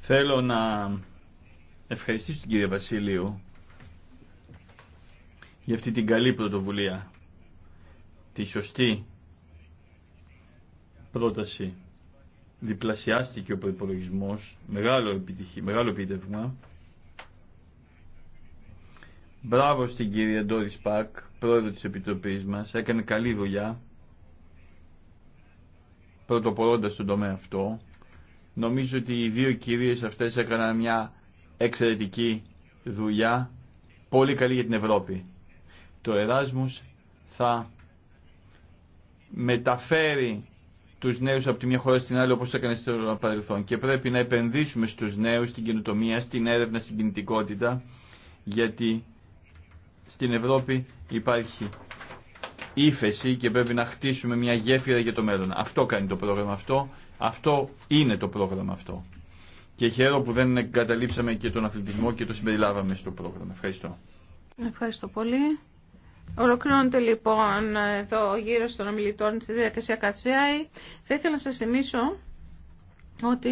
Θέλω να ευχαριστήσω τον κύριο Βασίλειο για αυτή την καλή πρωτοβουλία, τη σωστή πρόταση διπλασιάστηκε ο προπολογισμό, μεγάλο, επιτυχή, μεγάλο επίτευγμα. Μπράβο στην κυρία Ντόρι Πακ, πρόεδρο της Επιτροπής μας, έκανε καλή δουλειά, πρωτοπορώντας τον τομέα αυτό. Νομίζω ότι οι δύο κυρίες αυτές έκαναν μια εξαιρετική δουλειά, πολύ καλή για την Ευρώπη. Το Εράσμους θα μεταφέρει τους νέου από τη μια χώρα στην άλλη όπω έκανε στο παρελθόν και πρέπει να επενδύσουμε στους νέου, στην καινοτομία, στην έρευνα, στην κινητικότητα γιατί στην Ευρώπη υπάρχει ύφεση και πρέπει να χτίσουμε μια γέφυρα για το μέλλον. Αυτό κάνει το πρόγραμμα αυτό, αυτό είναι το πρόγραμμα αυτό. Και χαίρομαι που δεν καταλήψαμε και τον αθλητισμό και το συμπεριλάβαμε στο πρόγραμμα. Ευχαριστώ. Ευχαριστώ πολύ. Ολοκληρώνεται λοιπόν εδώ ο στον ομιλητών στη διαδικασία Κατσιάη. Θα ήθελα να σας θυμίσω ότι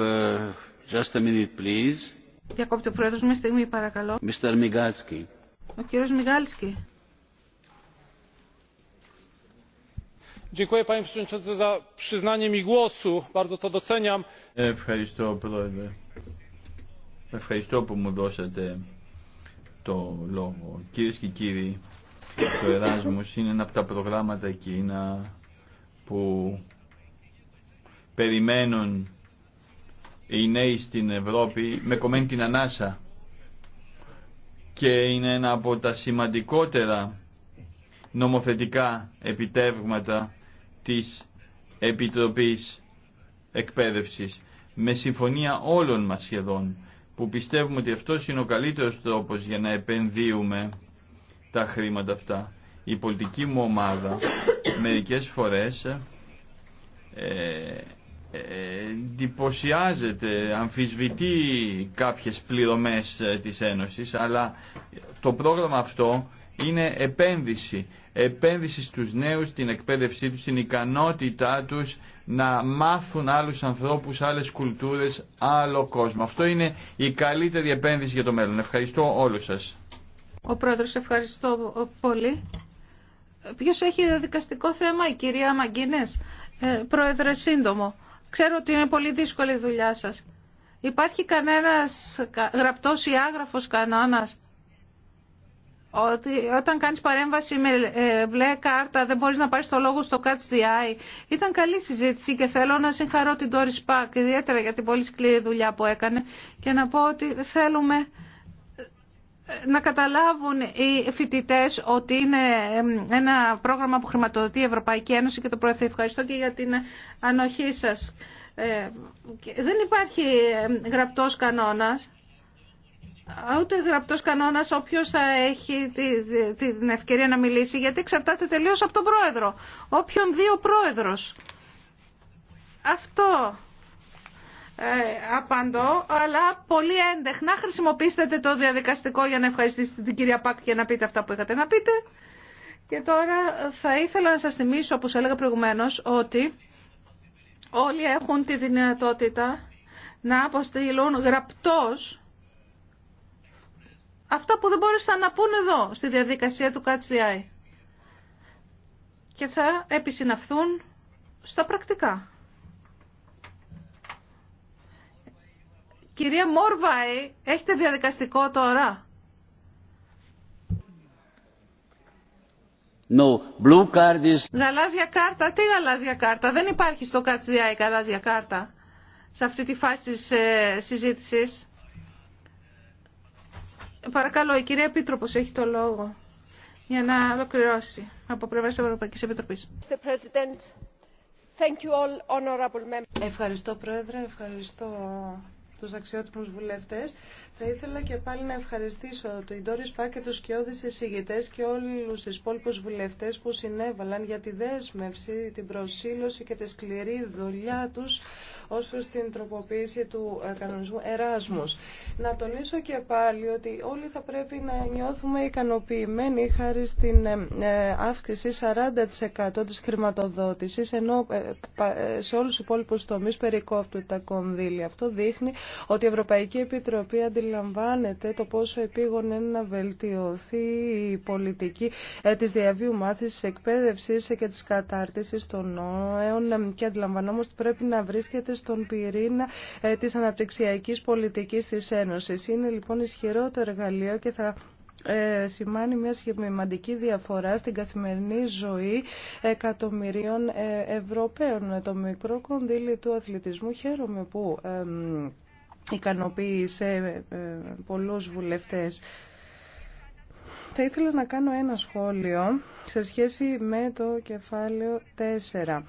ε, Just a minute, please. Διακόπτει ο Πρόεδρος, μια στιγμή παρακαλώ. Mr. Migalski. Ο κύριος Μιγάλσκι. Ευχαριστώ πρόεδρε. Ευχαριστώ που μου δώσατε το λόγο. Κυρίες και κύριοι, το Εράσμος είναι ένα από τα προγράμματα εκείνα που περιμένουν οι νέοι στην Ευρώπη με κομμένη την ανάσα και είναι ένα από τα σημαντικότερα νομοθετικά επιτεύγματα της Επιτροπής Εκπαίδευσης με συμφωνία όλων μας σχεδόν που πιστεύουμε ότι αυτό είναι ο καλύτερος τρόπος για να επενδύουμε τα χρήματα αυτά. Η πολιτική μου ομάδα μερικές φορές ε, ε εντυπωσιάζεται, αμφισβητεί κάποιες πληρωμές ε, της Ένωσης, αλλά το πρόγραμμα αυτό είναι επένδυση. Επένδυση στους νέους, την εκπαίδευσή τους, στην ικανότητά τους να μάθουν άλλους ανθρώπους, άλλες κουλτούρες, άλλο κόσμο. Αυτό είναι η καλύτερη επένδυση για το μέλλον. Ευχαριστώ όλους σας. Ο Πρόεδρος, ευχαριστώ πολύ. Ποιος έχει δικαστικό θέμα, η κυρία Μαγκίνες. Ε, πρόεδρε, σύντομο. Ξέρω ότι είναι πολύ δύσκολη η δουλειά σας. Υπάρχει κανένας γραπτός ή άγραφος κανόνας ότι όταν κάνεις παρέμβαση με ε, μπλε κάρτα δεν μπορείς να πάρεις το λόγο στο Catch the Eye. Ήταν καλή συζήτηση και θέλω να συγχαρώ την Doris Park, ιδιαίτερα για την πολύ σκληρή δουλειά που έκανε και να πω ότι θέλουμε ε, να καταλάβουν οι φοιτητέ ότι είναι ένα πρόγραμμα που χρηματοδοτεί η Ευρωπαϊκή Ένωση και το Πρόεδρε ευχαριστώ και για την ανοχή σας. Ε, δεν υπάρχει γραπτός κανόνας ούτε γραπτός κανόνας όποιος θα έχει την ευκαιρία να μιλήσει, γιατί εξαρτάται τελείω από τον πρόεδρο. Όποιον δει ο πρόεδρος. Αυτό ε, απαντώ, αλλά πολύ έντεχνα χρησιμοποιήσετε το διαδικαστικό για να ευχαριστήσετε την κυρία Πάκ και να πείτε αυτά που είχατε να πείτε. Και τώρα θα ήθελα να σας θυμίσω, όπως έλεγα προηγουμένως, ότι όλοι έχουν τη δυνατότητα να αποστείλουν γραπτός αυτά που δεν μπόρεσαν να πούν εδώ στη διαδικασία του ΚΑΤΣΙΑΙ και θα επισυναυθούν στα πρακτικά. Κυρία Μόρβαη, έχετε διαδικαστικό τώρα. No, blue card is... Γαλάζια κάρτα, τι γαλάζια κάρτα, δεν υπάρχει στο ΚΑΤΣΙΑΙ γαλάζια κάρτα σε αυτή τη φάση της ε, συζήτησης. Παρακαλώ, η κυρία Επίτροπο έχει το λόγο για να ολοκληρώσει από πλευρά της Ευρωπαϊκής Επιτροπής. Ευχαριστώ, Πρόεδρε. Ευχαριστώ τους αξιότιμους βουλευτές. Θα ήθελα και πάλι να ευχαριστήσω τον Τόρι Σπά και του σκιώδει εισηγητέ και όλους του υπόλοιπου βουλευτές που συνέβαλαν για τη δέσμευση, την προσήλωση και τη σκληρή δουλειά του. Ω προ την τροποποίηση του ε, κανονισμού Εράσμου. Να τονίσω και πάλι ότι όλοι θα πρέπει να νιώθουμε ικανοποιημένοι χάρη στην ε, ε, αύξηση 40% τη χρηματοδότησης, ενώ σε όλου του υπόλοιπου τομεί περικόπτουν τα κονδύλια. Αυτό δείχνει ότι η Ευρωπαϊκή Επιτροπή αντιλαμβάνεται το πόσο επίγον είναι να βελτιωθεί η πολιτική τη διαβίου μάθησης, εκπαίδευση και τη κατάρτιση των νόεων και αντιλαμβανόμαστε πρέπει να βρίσκεται στον πυρήνα ε, της αναπτυξιακής πολιτικής της Ένωσης. Είναι λοιπόν ισχυρό το εργαλείο και θα ε, σημάνει μια σημαντική διαφορά στην καθημερινή ζωή εκατομμυρίων ε, Ευρωπαίων. Το μικρό κονδύλι του αθλητισμού χαίρομαι που ικανοποίησε πολλούς βουλευτές. Θα ήθελα να κάνω ένα σχόλιο σε σχέση με το κεφάλαιο 4.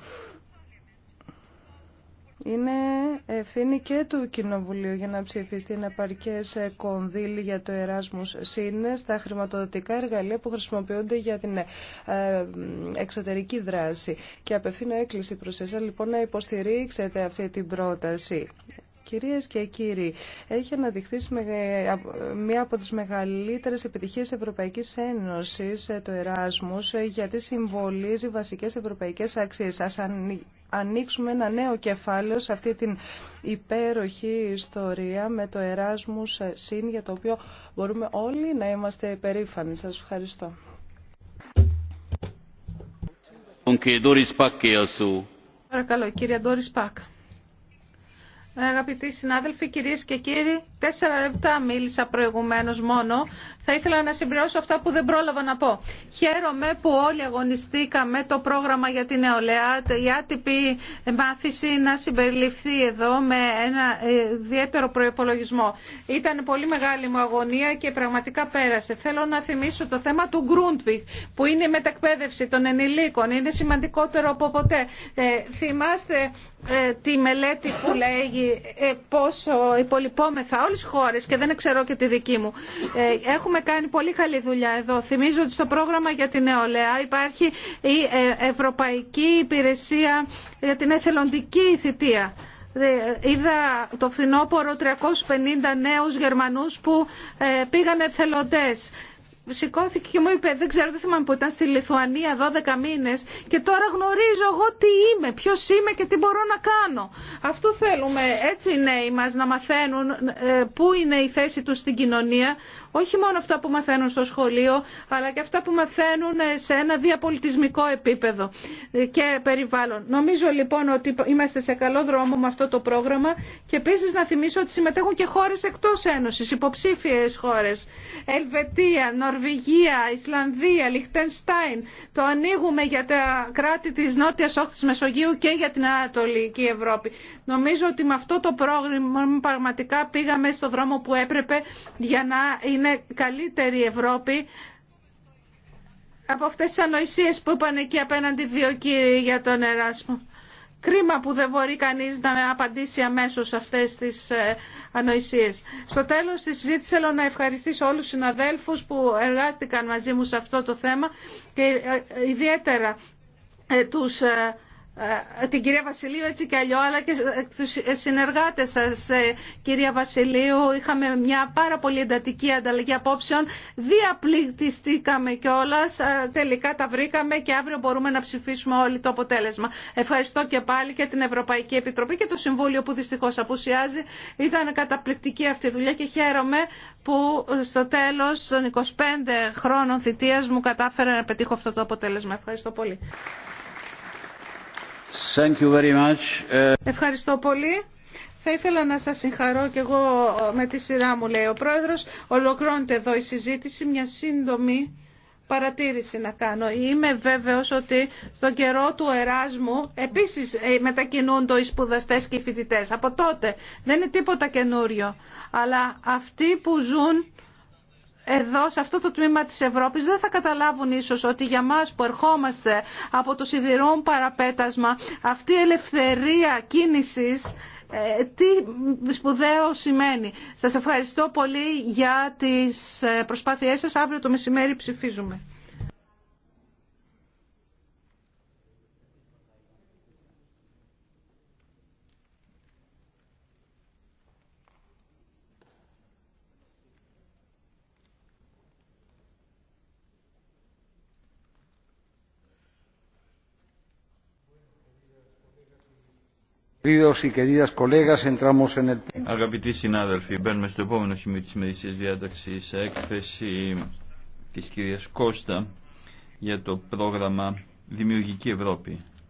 Είναι ευθύνη και του Κοινοβουλίου για να ψηφιστεί να παρκές κονδύλι για το Εράσμους ΣΥΝΕ στα χρηματοδοτικά εργαλεία που χρησιμοποιούνται για την ε, εξωτερική δράση. Και απευθύνω έκκληση προς εσά λοιπόν να υποστηρίξετε αυτή την πρόταση. Κυρίες και κύριοι, έχει αναδειχθεί μία από τις μεγαλύτερες επιτυχίες Ευρωπαϊκής Ένωσης ε, το Εράσμους ε, γιατί συμβολίζει βασικές ευρωπαϊκές αξίες. Ας ανοίξουμε ένα νέο κεφάλαιο σε αυτή την υπέροχη ιστορία με το Εράσμους ε, ΣΥΝ για το οποίο μπορούμε όλοι να είμαστε περήφανοι. Σας ευχαριστώ. Παρακαλώ, κύριε Ντόρις Πακ. Αγαπητοί συνάδελφοι, κυρίε και κύριοι, τέσσερα λεπτά μίλησα προηγουμένω μόνο. Θα ήθελα να συμπληρώσω αυτά που δεν πρόλαβα να πω. Χαίρομαι που όλοι αγωνιστήκαμε το πρόγραμμα για την νεολαία, η άτυπη μάθηση να συμπεριληφθεί εδώ με ένα ιδιαίτερο προπολογισμό. Ήταν πολύ μεγάλη μου αγωνία και πραγματικά πέρασε. Θέλω να θυμίσω το θέμα του Γκρούντβιχ, που είναι η μετακπαίδευση των ενηλίκων. Είναι σημαντικότερο από ποτέ. Ε, θυμάστε ε, τη μελέτη που λέγει ε, πόσο υπολοιπόμεθα όλες οι χώρες και δεν ξέρω και τη δική μου. Ε, έχουμε κάνει πολύ καλή δουλειά εδώ. Θυμίζω ότι στο πρόγραμμα για την νεολαία υπάρχει η Ευρωπαϊκή Υπηρεσία για την Εθελοντική Θητεία. Είδα το φθινόπωρο 350 νέους Γερμανούς που πήγαν εθελοντές σηκώθηκε και μου είπε, δεν ξέρω, δεν θυμάμαι που ήταν στη Λιθουανία 12 μήνες και τώρα γνωρίζω εγώ τι είμαι, ποιος είμαι και τι μπορώ να κάνω. Αυτό θέλουμε, έτσι οι νέοι μας να μαθαίνουν ε, πού είναι η θέση τους στην κοινωνία, όχι μόνο αυτά που μαθαίνουν στο σχολείο, αλλά και αυτά που μαθαίνουν σε ένα διαπολιτισμικό επίπεδο και περιβάλλον. Νομίζω λοιπόν ότι είμαστε σε καλό δρόμο με αυτό το πρόγραμμα και επίση να θυμίσω ότι συμμετέχουν και χώρε εκτό Ένωση, υποψήφιε χώρε. Ελβετία, Νορβηγία, Ισλανδία, Λιχτενστάιν. Το ανοίγουμε για τα κράτη τη Νότια Όχθη Μεσογείου και για την Ανατολική Ευρώπη. Νομίζω ότι με αυτό το πρόγραμμα πραγματικά πήγαμε στο δρόμο που έπρεπε για να είναι καλύτερη η Ευρώπη από αυτές τις ανοησίες που είπαν εκεί απέναντι δύο κύριοι για τον Εράσμο. Κρίμα που δεν μπορεί κανείς να απαντήσει αμέσως σε αυτές τις ε, ανοησίες. Στο τέλος της συζήτησης θέλω να ευχαριστήσω όλους τους συναδέλφους που εργάστηκαν μαζί μου σε αυτό το θέμα και ε, ε, ιδιαίτερα τους ε, την κυρία Βασιλείου έτσι και αλλιώ, αλλά και τους συνεργάτες σας, ε, κυρία Βασιλείου. Είχαμε μια πάρα πολύ εντατική ανταλλαγή απόψεων. Διαπληκτιστήκαμε κιόλα. Ε, τελικά τα βρήκαμε και αύριο μπορούμε να ψηφίσουμε όλοι το αποτέλεσμα. Ευχαριστώ και πάλι και την Ευρωπαϊκή Επιτροπή και το Συμβούλιο που δυστυχώ απουσιάζει. Ήταν καταπληκτική αυτή η δουλειά και χαίρομαι που στο τέλο των 25 χρόνων θητείας μου κατάφερα να πετύχω αυτό το αποτέλεσμα. Ευχαριστώ πολύ. Ε, Ευχαριστώ πολύ. Θα ήθελα να σας συγχαρώ και εγώ ε, με τη σειρά μου, λέει ο Πρόεδρος. Ολοκληρώνεται εδώ η συζήτηση, μια σύντομη παρατήρηση να κάνω. Είμαι βέβαιος ότι στον καιρό του Εράσμου επίσης ε, μετακινούνται οι σπουδαστές και οι φοιτητές. Από τότε δεν είναι τίποτα καινούριο. Αλλά αυτοί που ζουν εδώ σε αυτό το τμήμα της Ευρώπης δεν θα καταλάβουν ίσως ότι για μας που ερχόμαστε από το σιδηρόν παραπέτασμα αυτή η ελευθερία κίνησης ε, τι σπουδαίο σημαίνει. Σας ευχαριστώ πολύ για τις ε, προσπάθειές σας. Αύριο το μεσημέρι ψηφίζουμε. Αγαπητοί συνάδελφοι, μπαίνουμε στο επόμενο σημείο της μερικής διάταξης έκθεση της κυρίας Κώστα για το πρόγραμμα Δημιουργική Ευρώπη.